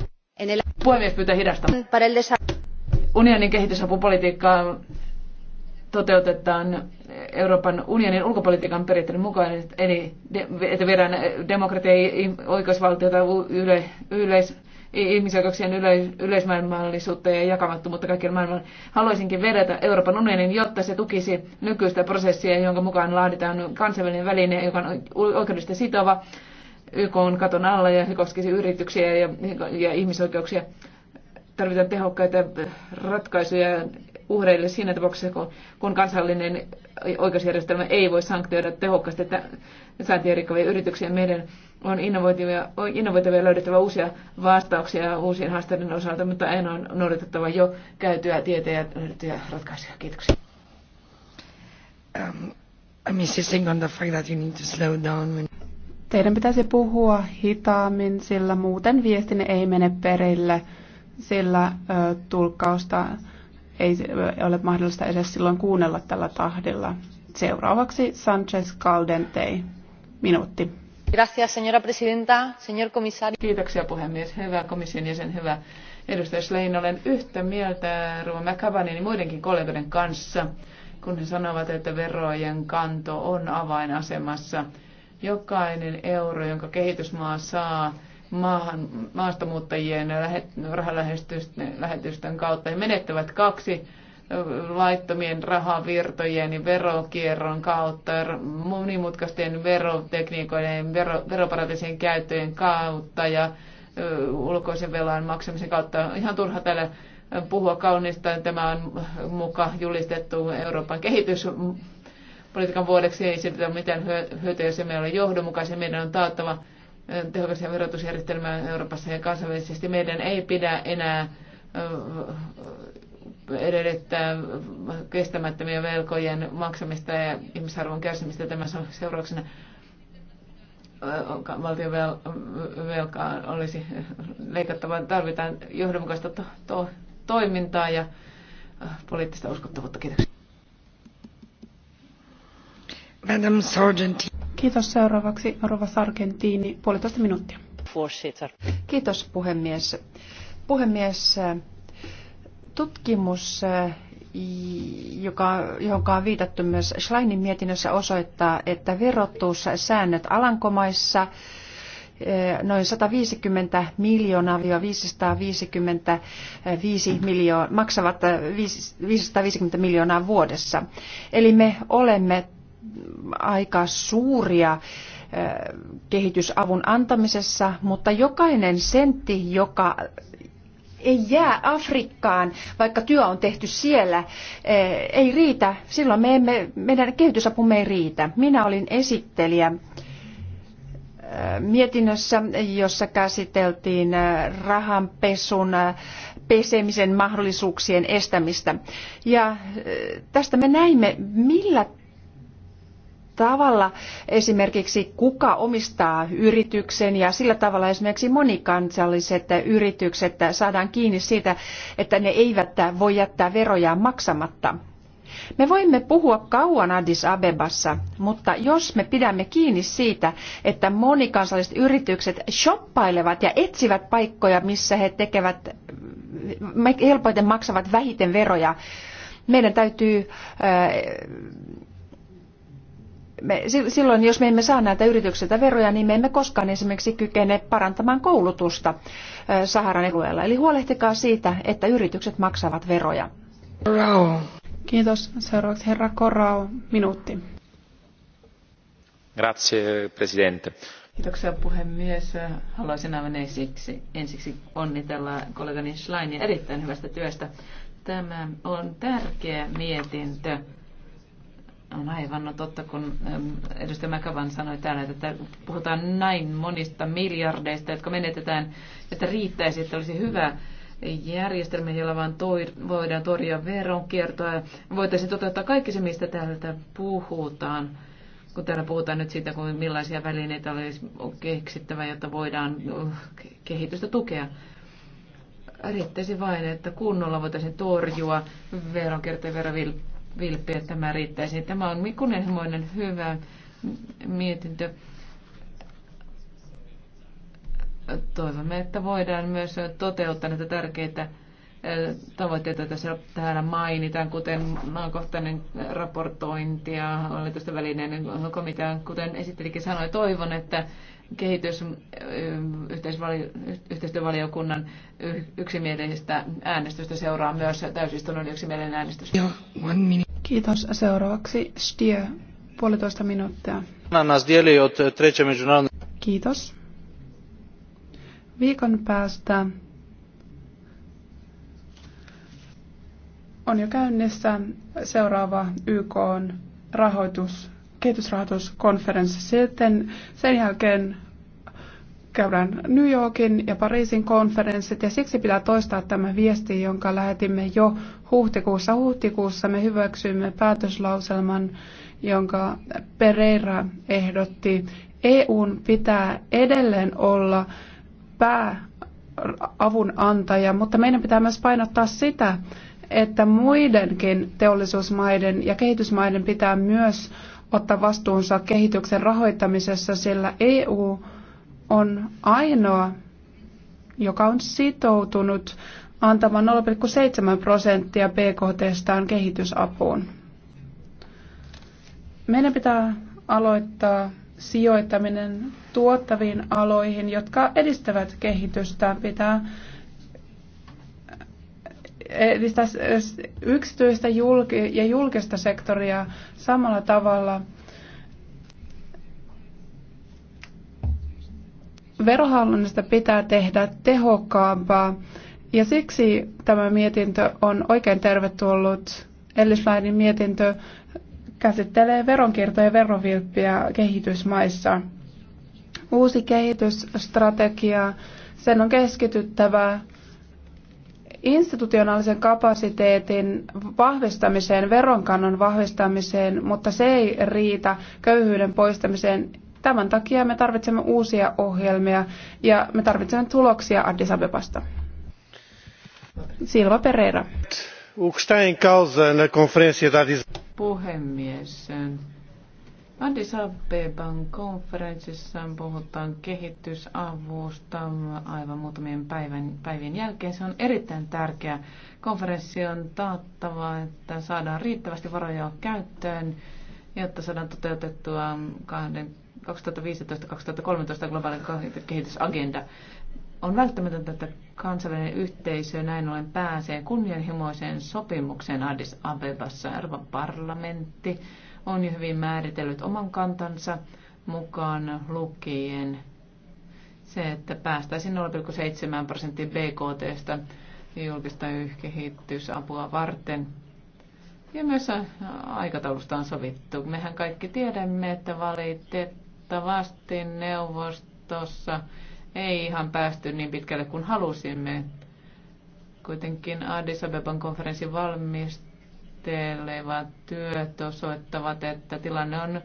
Puhemies pyytää hidastamaan Unionin kehitysapupolitiikkaa toteutetaan Euroopan unionin ulkopolitiikan periaatteiden mukaan, eli että viedään demokratia, oikeusvaltiota, yle, yleis, ihmisoikeuksien yle, yleismaailmallisuutta ja jakamattomuutta kaikkien maailmalle. Haluaisinkin vedetä Euroopan unionin, jotta se tukisi nykyistä prosessia, jonka mukaan laaditaan kansainvälinen väline, joka on oikeudellisesti sitova, YK on katon alla ja koskisi yrityksiä ja, ja ihmisoikeuksia. Tarvitaan tehokkaita ratkaisuja uhreille siinä tapauksessa, kun, kun kansallinen oikeusjärjestelmä ei voi sanktioida tehokkaasti sääntöjä rikkovia yrityksiä. Meidän on innovoitavia, innovoitavia löydettävä uusia vastauksia uusien haasteiden osalta, mutta en on noudatettava jo käytyä tietejä, ja löydettyjä ratkaisuja. Kiitoksia. Um, Teidän pitäisi puhua hitaammin, sillä muuten viestin ei mene perille, sillä ö, tulkkausta ei ole mahdollista edes silloin kuunnella tällä tahdilla. Seuraavaksi Sanchez Caldentei. Minuutti. Gracias, señora presidenta, señor comisario. Kiitoksia puhemies. Hyvä komission jäsen, hyvä edustaja Slein. Olen yhtä mieltä Ruva McCabanin ja muidenkin kollegoiden kanssa, kun he sanovat, että verojen kanto on avainasemassa. Jokainen euro, jonka kehitysmaa saa, maahan, maastamuuttajien lähet, rahalähetysten kautta ja menettävät kaksi laittomien rahavirtojen ja verokierron kautta, monimutkaisten verotekniikoiden, vero, veroparatiisien käyttöjen kautta ja ulkoisen velan maksamisen kautta. ihan turha täällä puhua kaunista. Tämä on muka julistettu Euroopan kehityspolitiikan vuodeksi. Ei sieltä ole mitään hyötyä, jos emme ole johdonmukaisia. Meidän on taattava tehokas verotusjärjestelmää Euroopassa ja kansainvälisesti. Meidän ei pidä enää edellyttää kestämättömiä velkojen maksamista ja ihmisarvon kärsimistä tämän seurauksena valtion velkaa olisi leikattava. Tarvitaan johdonmukaista to- to- toimintaa ja poliittista uskottavuutta. Kiitoksia. Madam Sergeant. Kiitos seuraavaksi Rova Sargentini, puolitoista minuuttia. Kiitos puhemies. Puhemies, tutkimus, joka, johon on viitattu myös Schleinin mietinnössä, osoittaa, että säännöt Alankomaissa e, noin 150 miljoonaa-555 miljoonaa maksavat 550 miljoonaa vuodessa. Eli me olemme aika suuria kehitysavun antamisessa, mutta jokainen sentti, joka ei jää Afrikkaan, vaikka työ on tehty siellä, ei riitä. Silloin me emme, meidän kehitysapumme ei riitä. Minä olin esittelijä mietinnössä, jossa käsiteltiin rahanpesun pesemisen mahdollisuuksien estämistä. Ja tästä me näimme, millä tavalla esimerkiksi kuka omistaa yrityksen ja sillä tavalla esimerkiksi monikansalliset yritykset saadaan kiinni siitä, että ne eivät voi jättää verojaan maksamatta. Me voimme puhua kauan Addis Abebassa, mutta jos me pidämme kiinni siitä, että monikansalliset yritykset shoppailevat ja etsivät paikkoja, missä he tekevät helpoiten maksavat vähiten veroja, meidän täytyy äh, me, silloin, jos me emme saa näitä yrityksiltä veroja, niin me emme koskaan esimerkiksi kykene parantamaan koulutusta Saharan alueella. Eli huolehtikaa siitä, että yritykset maksavat veroja. Rau. Kiitos. Seuraavaksi herra Korao, minuutti. Grazie, presidente. Kiitoksia puhemies. Haluaisin aivan ensiksi, ensiksi onnitella kollegani Schleinia erittäin hyvästä työstä. Tämä on tärkeä mietintö on aivan no totta, kun ähm, edustaja Mäkavan sanoi täällä, että puhutaan näin monista miljardeista, jotka menetetään, että riittäisi, että olisi hyvä järjestelmä, jolla vaan toi, voidaan torjua veronkiertoa. Voitaisiin toteuttaa kaikki se, mistä täältä puhutaan. Kun täällä puhutaan nyt siitä, kun millaisia välineitä olisi keksittävä, jotta voidaan uh, kehitystä tukea. Riittäisi vain, että kunnolla voitaisiin torjua veronkierto ja verovilppi vilppi, että tämä riittäisi. Tämä on mikunenhimoinen hyvä mietintö. Toivomme, että voidaan myös toteuttaa näitä tärkeitä eh, tavoitteita tässä täällä mainitaan, kuten maankohtainen raportointi ja hallitusten välinen komitean, kuten esittelikin sanoi, toivon, että kehitys yhteistyövaliokunnan yksimielisestä äänestystä seuraa myös täysistunnon yksimielinen äänestys. Joo, Kiitos. Seuraavaksi Stier, puolitoista minuuttia. E, Kiitos. Viikon päästä on jo käynnissä seuraava YK rahoitus, kehitysrahoituskonferenssi. Sitten sen jälkeen käydään New Yorkin ja Pariisin konferenssit ja siksi pitää toistaa tämä viesti, jonka lähetimme jo huhtikuussa. Huhtikuussa me hyväksyimme päätöslauselman, jonka Pereira ehdotti. EUn pitää edelleen olla pääavun antaja, mutta meidän pitää myös painottaa sitä, että muidenkin teollisuusmaiden ja kehitysmaiden pitää myös ottaa vastuunsa kehityksen rahoittamisessa, sillä EU on ainoa, joka on sitoutunut antamaan 0,7 prosenttia BKTstaan kehitysapuun. Meidän pitää aloittaa sijoittaminen tuottaviin aloihin, jotka edistävät kehitystä. Pitää edistää yksityistä ja julkista sektoria samalla tavalla – Verohallinnosta pitää tehdä tehokkaampaa ja siksi tämä mietintö on oikein tervetullut. Ellislainin mietintö käsittelee veronkiertoja ja verovilppiä kehitysmaissa. Uusi kehitysstrategia, sen on keskityttävä institutionaalisen kapasiteetin vahvistamiseen, veronkannon vahvistamiseen, mutta se ei riitä köyhyyden poistamiseen Tämän takia me tarvitsemme uusia ohjelmia ja me tarvitsemme tuloksia Addis Abebasta. Silva Pereira. Puhemies. Addis Abeban konferenssissa puhutaan kehitysavusta aivan muutamien päivän, päivien jälkeen. Se on erittäin tärkeä. Konferenssi on taattava, että saadaan riittävästi varoja käyttöön, jotta saadaan toteutettua 2015-2013 globaali kehitysagenda. On välttämätöntä, että kansainvälinen yhteisö näin ollen pääsee kunnianhimoiseen sopimukseen Addis Abebassa. Euroopan parlamentti on jo hyvin määritellyt oman kantansa mukaan lukien se, että päästäisiin 0,7 prosenttia BKT julkista kehitysapua varten. Ja myös aikataulusta on sovittu. Mehän kaikki tiedämme, että valitettavasti Valitettavasti neuvostossa ei ihan päästy niin pitkälle kuin halusimme. Kuitenkin Addis Abeban konferenssin valmistelevat työt osoittavat, että tilanne on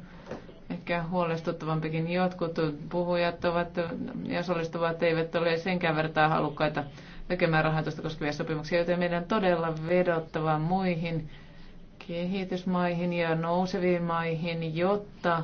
ehkä huolestuttavampikin. Jotkut puhujat ovat ja osallistuvat eivät ole senkään vertaa halukkaita tekemään rahoitusta koskevia sopimuksia, joten meidän todella vedottava muihin kehitysmaihin ja nouseviin maihin, jotta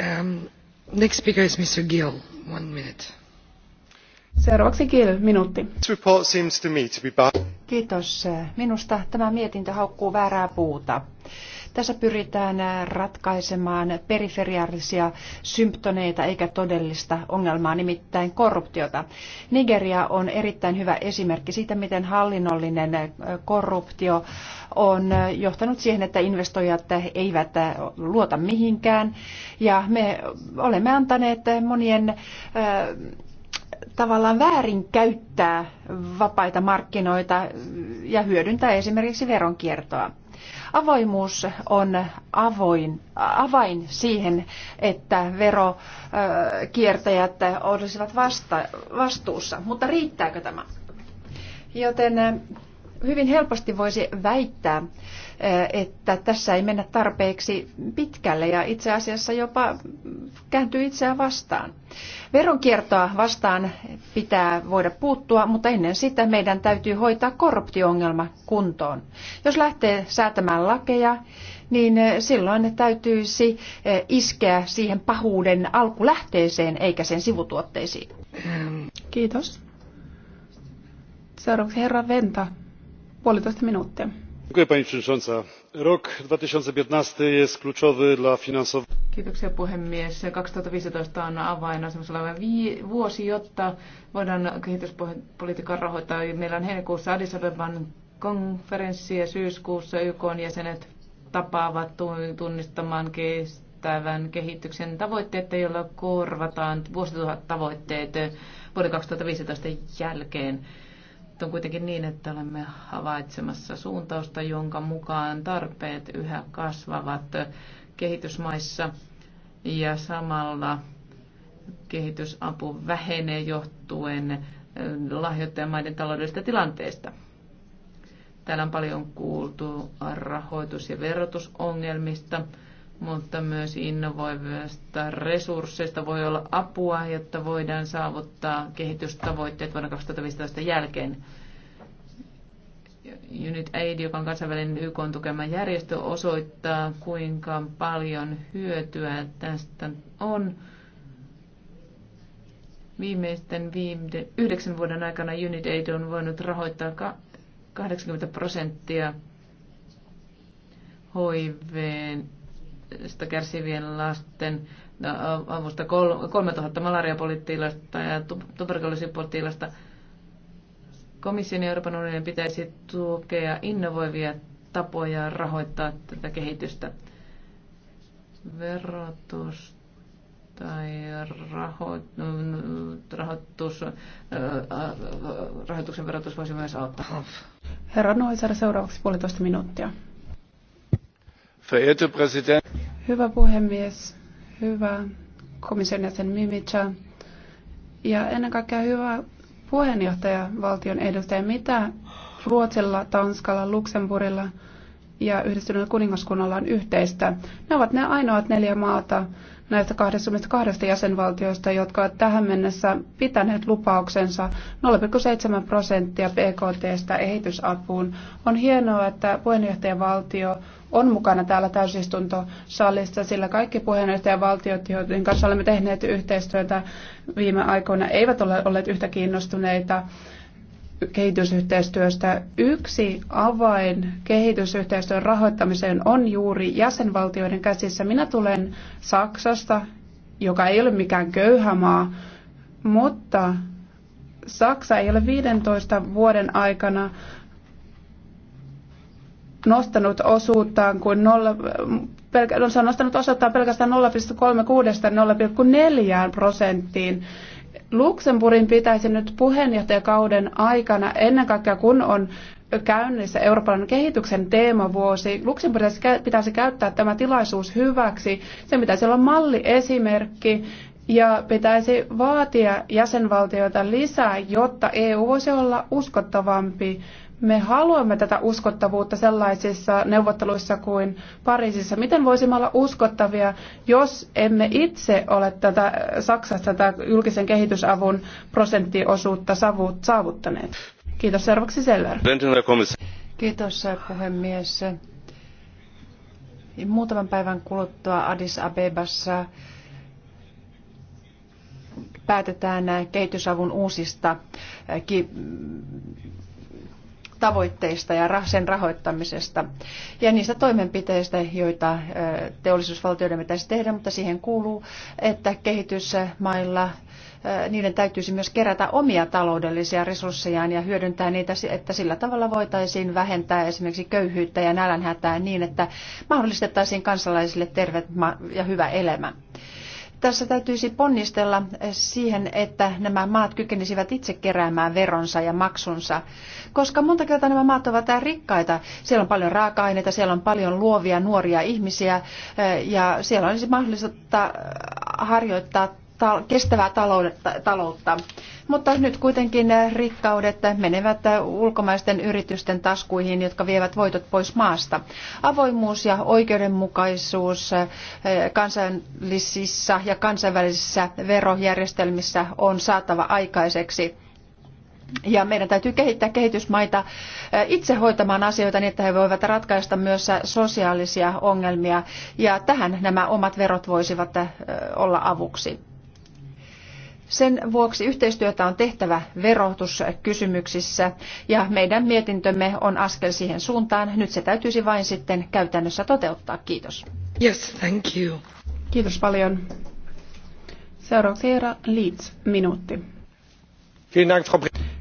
Um, Seuraavaksi Gil, minuutti. Kiitos. Eh, minusta tämä mietintö haukkuu väärää puuta. Tässä pyritään äh, ratkaisemaan periferiaalisia symptoneita eikä todellista ongelmaa, nimittäin korruptiota. Nigeria on erittäin hyvä esimerkki siitä, miten hallinnollinen äh, korruptio on äh, johtanut siihen, että investoijat eivät luota mihinkään. Ja me olemme antaneet monien tavallaan väärin käyttää vapaita markkinoita ja hyödyntää esimerkiksi veronkiertoa. Avoimuus on avoin, avain siihen, että verokiertäjät olisivat vasta, vastuussa. Mutta riittääkö tämä? Joten hyvin helposti voisi väittää, eh, että tässä ei mennä tarpeeksi pitkälle ja itse asiassa jopa kääntyy itseään vastaan. Veronkiertoa vastaan pitää voida puuttua, mutta ennen sitä meidän täytyy hoitaa korruptiongelma kuntoon. Jos lähtee säätämään lakeja, niin eh, silloin täytyisi eh, iskeä siihen pahuuden alkulähteeseen eikä sen sivutuotteisiin. Kiitos. Seuraavaksi herra Venta, puolitoista minuuttia. pani przewodnicząca! rok dwa tysiące piętnaście jest kluczowy dla Kiitoksia puhemies. 2015 on avainasemassa oleva vuosi, jotta voidaan kehityspolitiikan rahoittaa. Meillä on heinäkuussa Addis Abeban konferenssi ja syyskuussa YK jäsenet tapaavat tunnistamaan kestävän kehityksen tavoitteet, joilla korvataan vuosituhat tavoitteet vuoden 2015 jälkeen. Nyt on kuitenkin niin, että olemme havaitsemassa suuntausta, jonka mukaan tarpeet yhä kasvavat kehitysmaissa ja samalla kehitysapu vähenee johtuen lahjoittajamaiden taloudellisesta tilanteesta. Täällä on paljon kuultu rahoitus- ja verotusongelmista mutta myös innovoivista resursseista voi olla apua, jotta voidaan saavuttaa kehitystavoitteet vuonna 2015 jälkeen. Unit Aid, joka on kansainvälinen YK on tukema järjestö, osoittaa, kuinka paljon hyötyä tästä on. Viimeisten viime, yhdeksän vuoden aikana Unit Aid on voinut rahoittaa 80 prosenttia HIVn malariasta kärsivien lasten no, avusta 3000 malariapotilasta ja tuberkuloosipotilasta. Komission ja Euroopan unionin pitäisi tukea innovoivia tapoja rahoittaa tätä kehitystä. Verotus tai rahoit, no, rahoitus, rahoituksen verotus voisi myös auttaa. Herra Noisar, seuraavaksi puolitoista minuuttia. Hyvä puhemies, hyvä komission jäsen Mimica ja ennen kaikkea hyvä puheenjohtaja valtion edustaja. Mitä Ruotsilla, Tanskalla, Luxemburilla ja yhdistyneellä kuningaskunnalla on yhteistä? Ne ovat ne ainoat neljä maata näistä 22 jäsenvaltioista, jotka ovat tähän mennessä pitäneet lupauksensa 0,7 prosenttia stä kehitysapuun. On hienoa, että puheenjohtajavaltio on mukana täällä täysistuntosalissa, sillä kaikki puheenjohtajavaltiot, joiden kanssa olemme tehneet yhteistyötä viime aikoina, eivät ole olleet yhtä kiinnostuneita kehitysyhteistyöstä. Yksi avain kehitysyhteistyön rahoittamiseen on juuri jäsenvaltioiden käsissä. Minä tulen Saksasta, joka ei ole mikään köyhä maa, mutta Saksa ei ole 15 vuoden aikana nostanut osuuttaan kuin 0, pelkä, no se on nostanut osuuttaan pelkästään 0,36-0,4 prosenttiin. Luxemburgin pitäisi nyt puheenjohtajakauden aikana, ennen kaikkea kun on käynnissä Euroopan kehityksen teemavuosi. Luxemburgin pitäisi käyttää tämä tilaisuus hyväksi. Se pitäisi olla malliesimerkki ja pitäisi vaatia jäsenvaltioita lisää, jotta EU voisi olla uskottavampi me haluamme tätä uskottavuutta sellaisissa neuvotteluissa kuin Pariisissa. Miten voisimme olla uskottavia, jos emme itse ole tätä Saksassa tätä julkisen kehitysavun prosenttiosuutta saavuttaneet? Kiitos seuraavaksi Seller. Kiitos puhemies. Muutaman päivän kuluttua Addis Abebassa päätetään kehitysavun uusista tavoitteista ja sen rahoittamisesta ja niistä toimenpiteistä, joita teollisuusvaltioiden pitäisi tehdä, mutta siihen kuuluu, että kehitysmailla niiden täytyisi myös kerätä omia taloudellisia resurssejaan ja hyödyntää niitä, että sillä tavalla voitaisiin vähentää esimerkiksi köyhyyttä ja nälänhätää niin, että mahdollistettaisiin kansalaisille terve ja hyvä elämä tässä täytyisi ponnistella siihen, että nämä maat kykenisivät itse keräämään veronsa ja maksunsa, koska monta kertaa nämä maat ovat rikkaita. Siellä on paljon raaka-aineita, siellä on paljon luovia nuoria ihmisiä eh, ja siellä olisi mahdollista harjoittaa kestävää taloutta. Mutta nyt kuitenkin rikkaudet menevät ulkomaisten yritysten taskuihin, jotka vievät voitot pois maasta. Avoimuus ja oikeudenmukaisuus eh, kansallisissa ja kansainvälisissä verojärjestelmissä on saatava aikaiseksi. Ja meidän täytyy kehittää kehitysmaita eh, itse hoitamaan asioita niin, että he voivat ratkaista myös sosiaalisia ongelmia. Ja tähän nämä omat verot voisivat eh, olla avuksi. Sen vuoksi yhteistyötä on tehtävä verotuskysymyksissä ja meidän mietintömme on askel siihen suuntaan. Nyt se täytyisi vain sitten käytännössä toteuttaa. Kiitos. Yes, thank you. Kiitos paljon. Seuraavaksi Eera Leeds, minuutti.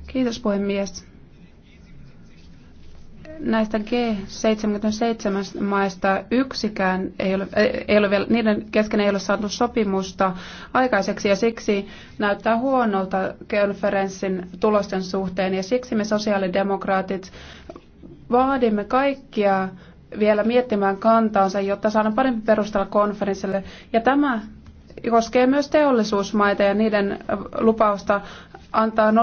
Kiitos puhemies näistä G77 maista yksikään ei ole, ei ole vielä, niiden kesken ei ole saatu sopimusta aikaiseksi ja siksi näyttää huonolta konferenssin tulosten suhteen ja siksi me sosiaalidemokraatit vaadimme kaikkia vielä miettimään kantaansa, jotta saadaan parempi perustella konferenssille. Ja tämä koskee myös teollisuusmaita ja niiden lupausta antaa 0,7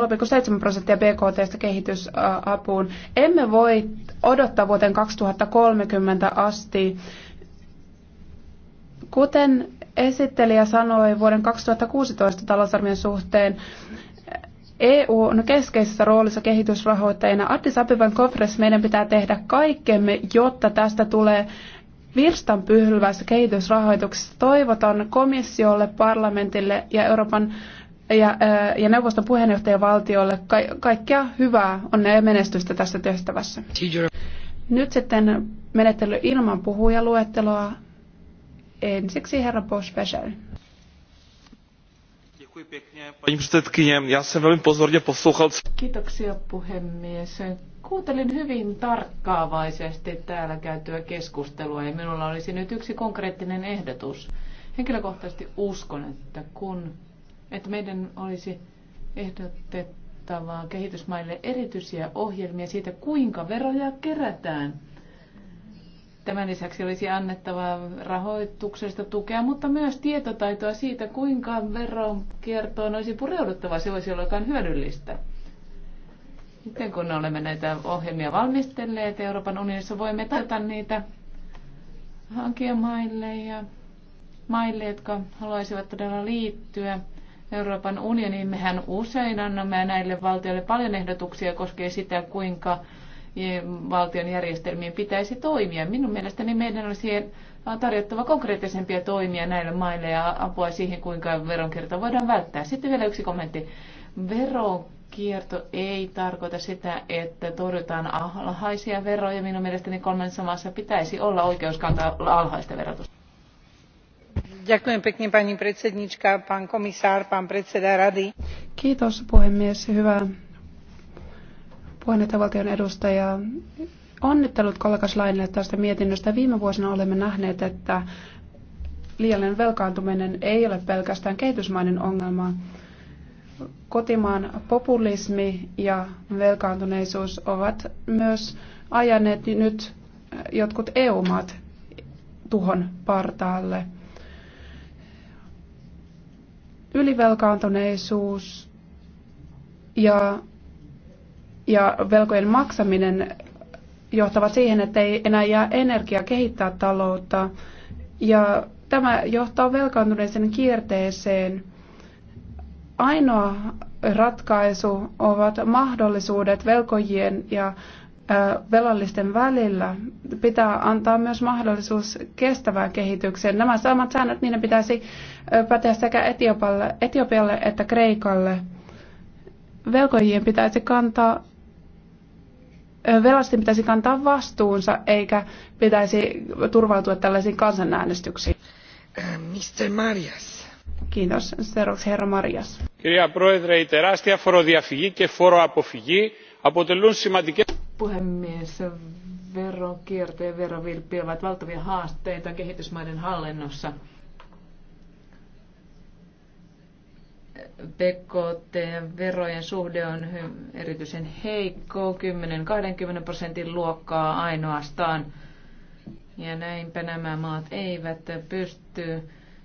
prosenttia BKTstä kehitysapuun. Emme voi odottaa vuoteen 2030 asti. Kuten esittelijä sanoi vuoden 2016 talousarvion suhteen, EU on keskeisessä roolissa kehitysrahoittajana. Addis Abeban Kofres, meidän pitää tehdä kaikkemme, jotta tästä tulee pyhylvässä kehitysrahoituksessa. Toivotan komissiolle, parlamentille ja Euroopan ja, ja neuvoston puheenjohtajavaltiolle ka- kaikkea hyvää, onnea ja menestystä tässä tehtävässä. Nyt sitten menettely ilman puhujaluetteloa. Ensiksi herra Boschbechel. Paní Kiitoksia puhemies. Kuuntelin hyvin tarkkaavaisesti täällä käytyä keskustelua ja minulla olisi nyt yksi konkreettinen ehdotus. Henkilökohtaisesti uskon, että kun että meidän olisi ehdotettavaa kehitysmaille erityisiä ohjelmia siitä, kuinka veroja kerätään. Tämän lisäksi olisi annettava rahoituksesta tukea, mutta myös tietotaitoa siitä, kuinka veronkiertoon olisi pureuduttava. Se voisi olla jotain hyödyllistä. Sitten kun olemme näitä ohjelmia valmistelleet Euroopan unionissa, voimme tarjota niitä maille ja maille, jotka haluaisivat todella liittyä Euroopan unioniin. Mehän usein annamme näille valtioille paljon ehdotuksia koskee sitä, kuinka valtion järjestelmien pitäisi toimia. Minun mielestäni meidän olisi tarjottava konkreettisempia toimia näille maille ja apua siihen, kuinka veronkierto voidaan välttää. Sitten vielä yksi kommentti. Veronkierto ei tarkoita sitä, että torjutaan alhaisia veroja. Minun mielestäni kolmannessa maassa pitäisi olla oikeus kantaa alhaista verotusta. Kiitos puhemies, hyvä puheenjohtajavaltion edustaja. Onnittelut kollega Schleiner tästä mietinnöstä. Viime vuosina olemme nähneet, että liiallinen velkaantuminen ei ole pelkästään kehitysmaiden ongelma. Kotimaan populismi ja velkaantuneisuus ovat myös ajaneet nyt jotkut EU-maat tuhon partaalle ylivelkaantuneisuus ja, ja velkojen maksaminen johtavat siihen, että ei enää jää energiaa kehittää taloutta. Ja tämä johtaa velkaantuneisen kierteeseen. Ainoa ratkaisu ovat mahdollisuudet velkojien ja velallisten välillä pitää antaa myös mahdollisuus kestävään kehitykseen. Nämä samat säännöt, niiden pitäisi päteä sekä Etiopalle, Etiopialle että Kreikalle. Velkojien pitäisi kantaa velallisten pitäisi kantaa vastuunsa eikä pitäisi turvautua tällaisiin kansanäänestyksiin. Mr. Marias. Kiitos. Seuraavaksi herra Marias. Κυρία Πρόεδρε, η τεράστια φοροδιαφυγή και φοροαποφυγή αποτελούν Puhemies, veronkierto ja verovilppi ovat valtavia haasteita kehitysmaiden hallinnossa. BKT ja verojen suhde on erityisen heikko, 10-20 prosentin luokkaa ainoastaan. Ja näinpä nämä maat eivät pysty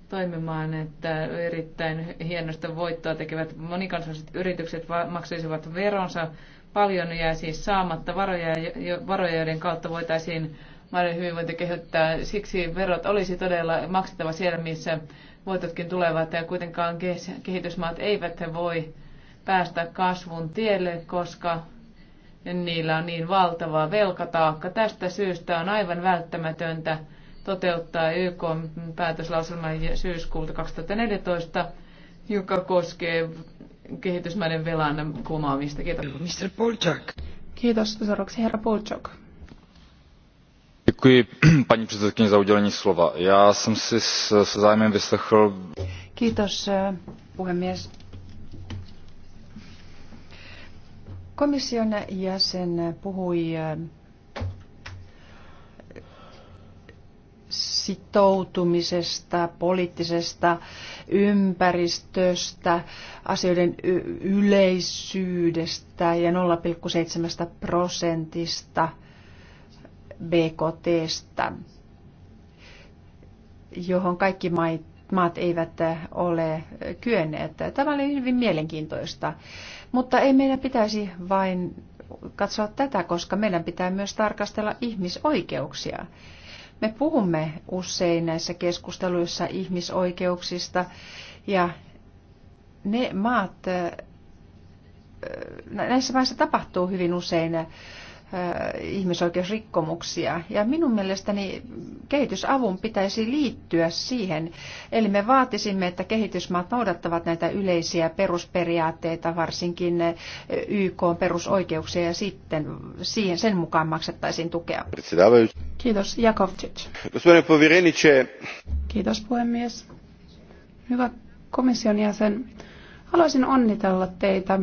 toimimaan, että erittäin hienosta voittoa tekevät monikansalliset yritykset maksaisivat veronsa paljon jää siis saamatta varoja, varoja joiden kautta voitaisiin maiden hyvinvointi kehittää. Siksi verot olisi todella maksettava siellä, missä voitotkin tulevat ja kuitenkaan kehitysmaat eivät voi päästä kasvun tielle, koska niillä on niin valtava velkataakka. Tästä syystä on aivan välttämätöntä toteuttaa YK päätöslauselma syyskuulta 2014, joka koskee kehitysmaiden velan kumoamista. Kiitos. Mr. Polchak. Kiitos. Seuraavaksi herra Polchak. Děkuji paní předsedkyně za udělení slova. Já jsem si s, zájmem vyslechl... Kiitos eh, puhemies. Komission jäsen puhui eh, sitoutumisesta, poliittisesta ympäristöstä, asioiden yleisyydestä ja 0,7 prosentista BKTstä, johon kaikki maat eivät ole kyenneet. Tämä oli hyvin mielenkiintoista, mutta ei meidän pitäisi vain katsoa tätä, koska meidän pitää myös tarkastella ihmisoikeuksia. Me puhumme usein näissä keskusteluissa ihmisoikeuksista ja ne maat, näissä maissa tapahtuu hyvin usein ihmisoikeusrikkomuksia. Ja minun mielestäni kehitysavun pitäisi liittyä siihen. Eli me vaatisimme, että kehitysmaat noudattavat näitä yleisiä perusperiaatteita, varsinkin YK perusoikeuksia, ja sitten siihen sen mukaan maksettaisiin tukea. Kiitos, Jakovcic. Kiitos, puhemies. Hyvä komission jäsen. Haluaisin onnitella teitä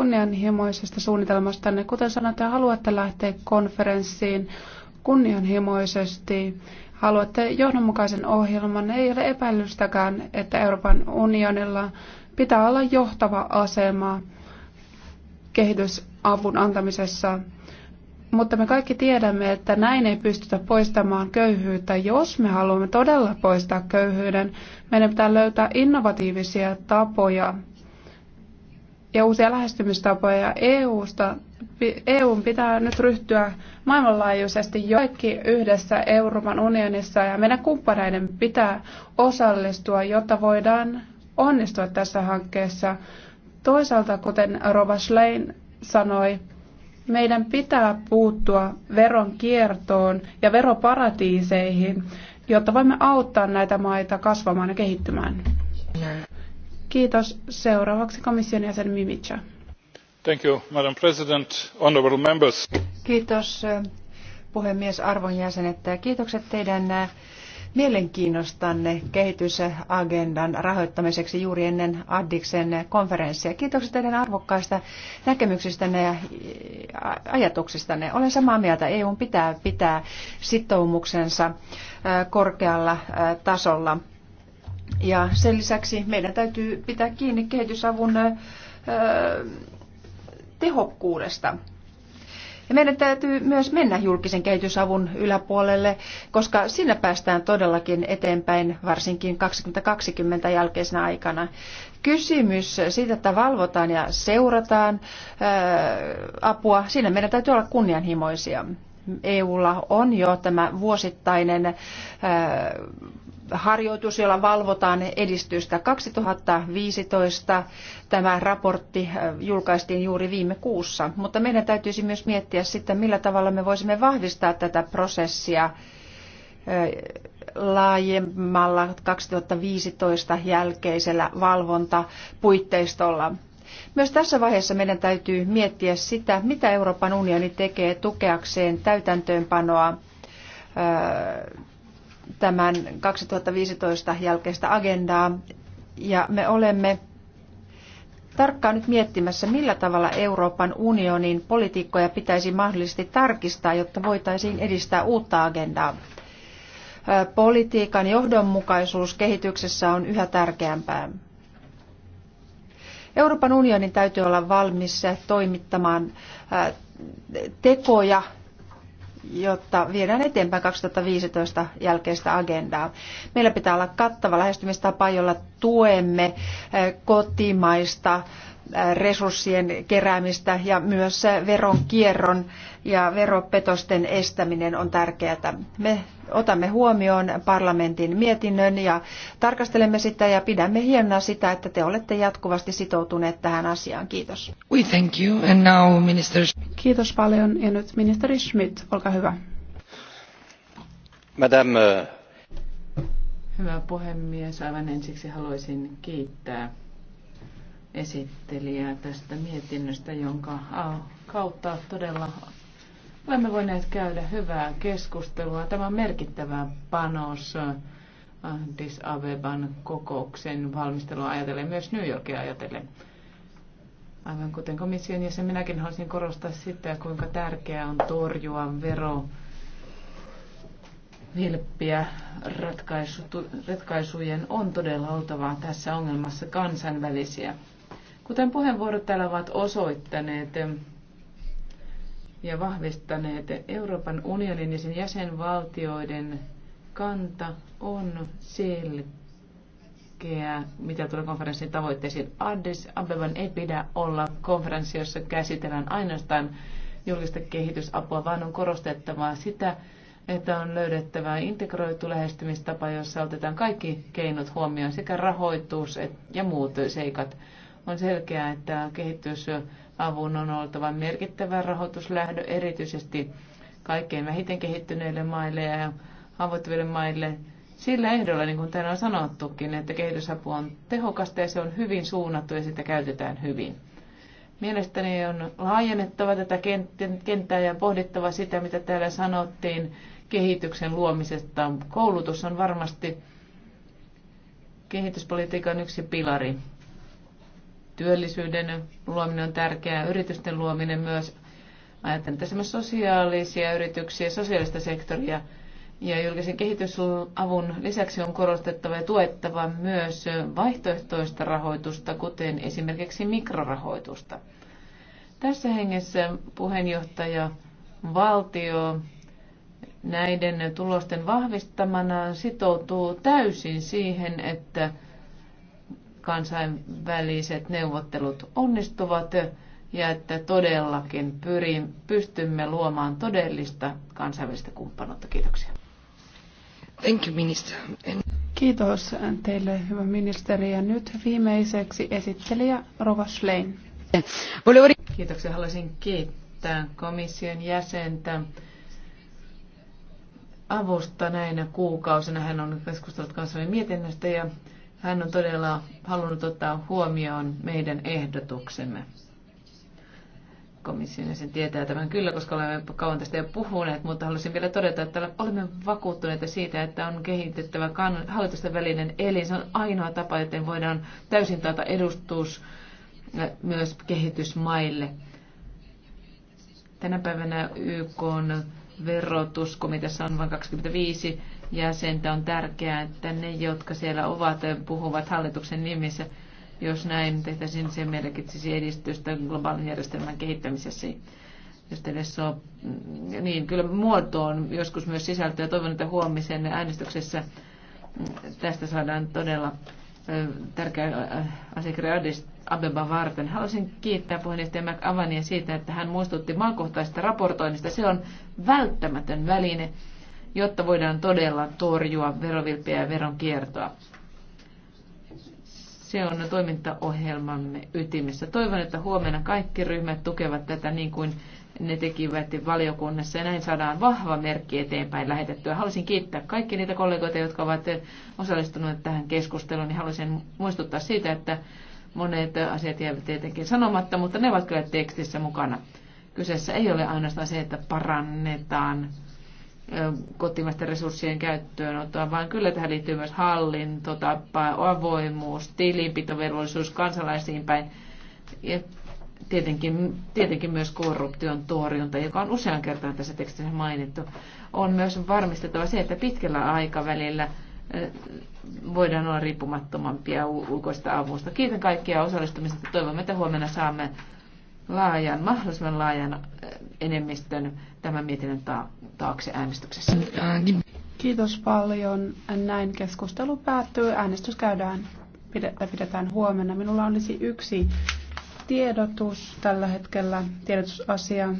kunnianhimoisesta suunnitelmastanne. Kuten sanotte, haluatte lähteä konferenssiin kunnianhimoisesti. Haluatte johdonmukaisen ohjelman. Ei ole epäilystäkään, että Euroopan unionilla pitää olla johtava asema kehitysavun antamisessa. Mutta me kaikki tiedämme, että näin ei pystytä poistamaan köyhyyttä. Jos me haluamme todella poistaa köyhyyden, meidän pitää löytää innovatiivisia tapoja ja uusia lähestymistapoja. EUsta, EUn pitää nyt ryhtyä maailmanlaajuisesti joikki yhdessä Euroopan unionissa ja meidän kumppaneiden pitää osallistua, jotta voidaan onnistua tässä hankkeessa. Toisaalta, kuten Rova Schlein sanoi, meidän pitää puuttua veron kiertoon ja veroparatiiseihin, jotta voimme auttaa näitä maita kasvamaan ja kehittymään. Kiitos. Seuraavaksi komission jäsen Mimica. Thank you, Madam President, honorable members. Kiitos puhemies, arvon jäsenet. Kiitokset teidän mielenkiinnostanne kehitysagendan rahoittamiseksi juuri ennen Addiksen konferenssia. Kiitokset teidän arvokkaista näkemyksistänne ja ajatuksistanne. Olen samaa mieltä, EU pitää pitää sitoumuksensa korkealla tasolla ja sen lisäksi meidän täytyy pitää kiinni kehitysavun tehokkuudesta. Ja meidän täytyy myös mennä julkisen kehitysavun yläpuolelle, koska siinä päästään todellakin eteenpäin, varsinkin 2020 jälkeisenä aikana. Kysymys siitä, että valvotaan ja seurataan apua, siinä meidän täytyy olla kunnianhimoisia. EUlla on jo tämä vuosittainen harjoitus, jolla valvotaan edistystä. 2015 tämä raportti äh, julkaistiin juuri viime kuussa, mutta meidän täytyisi myös miettiä sitten, millä tavalla me voisimme vahvistaa tätä prosessia äh, laajemmalla 2015 jälkeisellä valvontapuitteistolla. Myös tässä vaiheessa meidän täytyy miettiä sitä, mitä Euroopan unioni tekee tukeakseen täytäntöönpanoa äh, tämän 2015 jälkeistä agendaa ja me olemme tarkkaan nyt miettimässä, millä tavalla Euroopan unionin politiikkoja pitäisi mahdollisesti tarkistaa, jotta voitaisiin edistää uutta agendaa. Politiikan johdonmukaisuus kehityksessä on yhä tärkeämpää. Euroopan unionin täytyy olla valmis toimittamaan tekoja jotta viedään eteenpäin 2015 jälkeistä agendaa. Meillä pitää olla kattava lähestymistapa, jolla tuemme eh, kotimaista resurssien keräämistä ja myös veronkierron ja veropetosten estäminen on tärkeää. Me otamme huomioon parlamentin mietinnön ja tarkastelemme sitä ja pidämme hienona sitä, että te olette jatkuvasti sitoutuneet tähän asiaan. Kiitos. We thank you. And now minister... Kiitos paljon ja nyt ministeri Schmidt, olkaa hyvä. Madame... Uh, hyvä puhemies, aivan ensiksi haluaisin kiittää esittelijää tästä mietinnöstä, jonka kautta todella olemme voineet käydä hyvää keskustelua. Tämä on merkittävä panos Addis Abeban kokouksen valmistelua ajatellen, myös New Yorkia ajatellen. Aivan kuten komission jäsen, minäkin haluaisin korostaa sitä, kuinka tärkeää on torjua vero vilppiä ratkaisujen on todella oltava tässä ongelmassa kansainvälisiä. Kuten puheenvuorot täällä ovat osoittaneet ja vahvistaneet, Euroopan unionin ja sen jäsenvaltioiden kanta on selkeä, mitä tulee konferenssin tavoitteisiin. Addis Abeban ei pidä olla konferenssi, jossa käsitellään ainoastaan julkista kehitysapua, vaan on korostettavaa sitä, että on löydettävä integroitu lähestymistapa, jossa otetaan kaikki keinot huomioon, sekä rahoitus ja muut seikat on selkeää, että kehitysavun on oltava merkittävä rahoituslähdö erityisesti kaikkein vähiten kehittyneille maille ja haavoittuville maille sillä ehdolla, niin kuin täällä on sanottukin, että kehitysapu on tehokasta ja se on hyvin suunnattu ja sitä käytetään hyvin. Mielestäni on laajennettava tätä kenttää ja pohdittava sitä, mitä täällä sanottiin kehityksen luomisesta. Koulutus on varmasti kehityspolitiikan yksi pilari työllisyyden luominen on tärkeää, yritysten luominen myös. Ajattelen tässä myös sosiaalisia yrityksiä, sosiaalista sektoria. Ja julkisen kehitysavun lisäksi on korostettava ja tuettava myös vaihtoehtoista rahoitusta, kuten esimerkiksi mikrorahoitusta. Tässä hengessä puheenjohtaja valtio näiden tulosten vahvistamana sitoutuu täysin siihen, että kansainväliset neuvottelut onnistuvat ja että todellakin pyrin, pystymme luomaan todellista kansainvälistä kumppanuutta. Kiitoksia. Thank you, minister. Kiitos teille, hyvä ministeri. Ja nyt viimeiseksi esittelijä Rova Schlein. Kiitoksia. Haluaisin kiittää komission jäsentä avusta näinä kuukausina. Hän on keskustellut kanssani mietinnöstä ja hän on todella halunnut ottaa huomioon meidän ehdotuksemme. Komission sen tietää tämän kyllä, koska olemme kauan tästä jo puhuneet, mutta haluaisin vielä todeta, että olemme vakuuttuneita siitä, että on kehitettävä hallitusten välinen elin. Se on ainoa tapa, joten voidaan täysin taata edustus myös kehitysmaille. Tänä päivänä YK on verotuskomiteassa on vain 25 jäsentä. On tärkeää, että ne, jotka siellä ovat, puhuvat hallituksen nimissä. Jos näin tehtäisiin, se merkitsisi edistystä globaalin järjestelmän kehittämisessä. Jos teille so, niin kyllä muotoon joskus myös sisältöä. Toivon, että huomisen äänestyksessä tästä saadaan todella tärkeä asiakirja Abeba varten. Haluaisin kiittää puheenjohtaja McAvania siitä, että hän muistutti maakohtaisesta raportoinnista. Se on välttämätön väline, jotta voidaan todella torjua verovilpeä ja veronkiertoa. Se on toimintaohjelmamme ytimessä. Toivon, että huomenna kaikki ryhmät tukevat tätä niin kuin ne tekivät valiokunnassa ja näin saadaan vahva merkki eteenpäin lähetettyä. Haluaisin kiittää kaikki niitä kollegoita, jotka ovat osallistuneet tähän keskusteluun. Niin haluaisin muistuttaa siitä, että Monet asiat jäävät tietenkin sanomatta, mutta ne ovat kyllä tekstissä mukana. Kyseessä ei ole ainoastaan se, että parannetaan kotimaisten resurssien käyttöönottoa, vaan kyllä tähän liittyy myös hallinto, tapa, avoimuus, tilinpitovelvollisuus kansalaisiin päin ja tietenkin, tietenkin myös korruption torjunta, joka on usean kertaan tässä tekstissä mainittu. On myös varmistettava se, että pitkällä aikavälillä – voidaan olla riippumattomampia ulkoista avusta. Kiitän kaikkia osallistumisesta. Toivomme, että huomenna saamme laajan, mahdollisimman laajan enemmistön tämän mietinnön taakse äänestyksessä. Kiitos paljon. Näin keskustelu päättyy. Äänestys käydään, pidetään huomenna. Minulla olisi yksi tiedotus tällä hetkellä, tiedotusasia.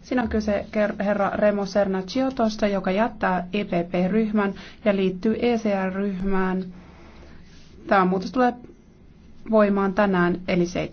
Siinä on kyse herra Remo Sernaciotosta, joka jättää EPP-ryhmän ja liittyy ECR-ryhmään. Tämä muutos tulee voimaan tänään eli 7.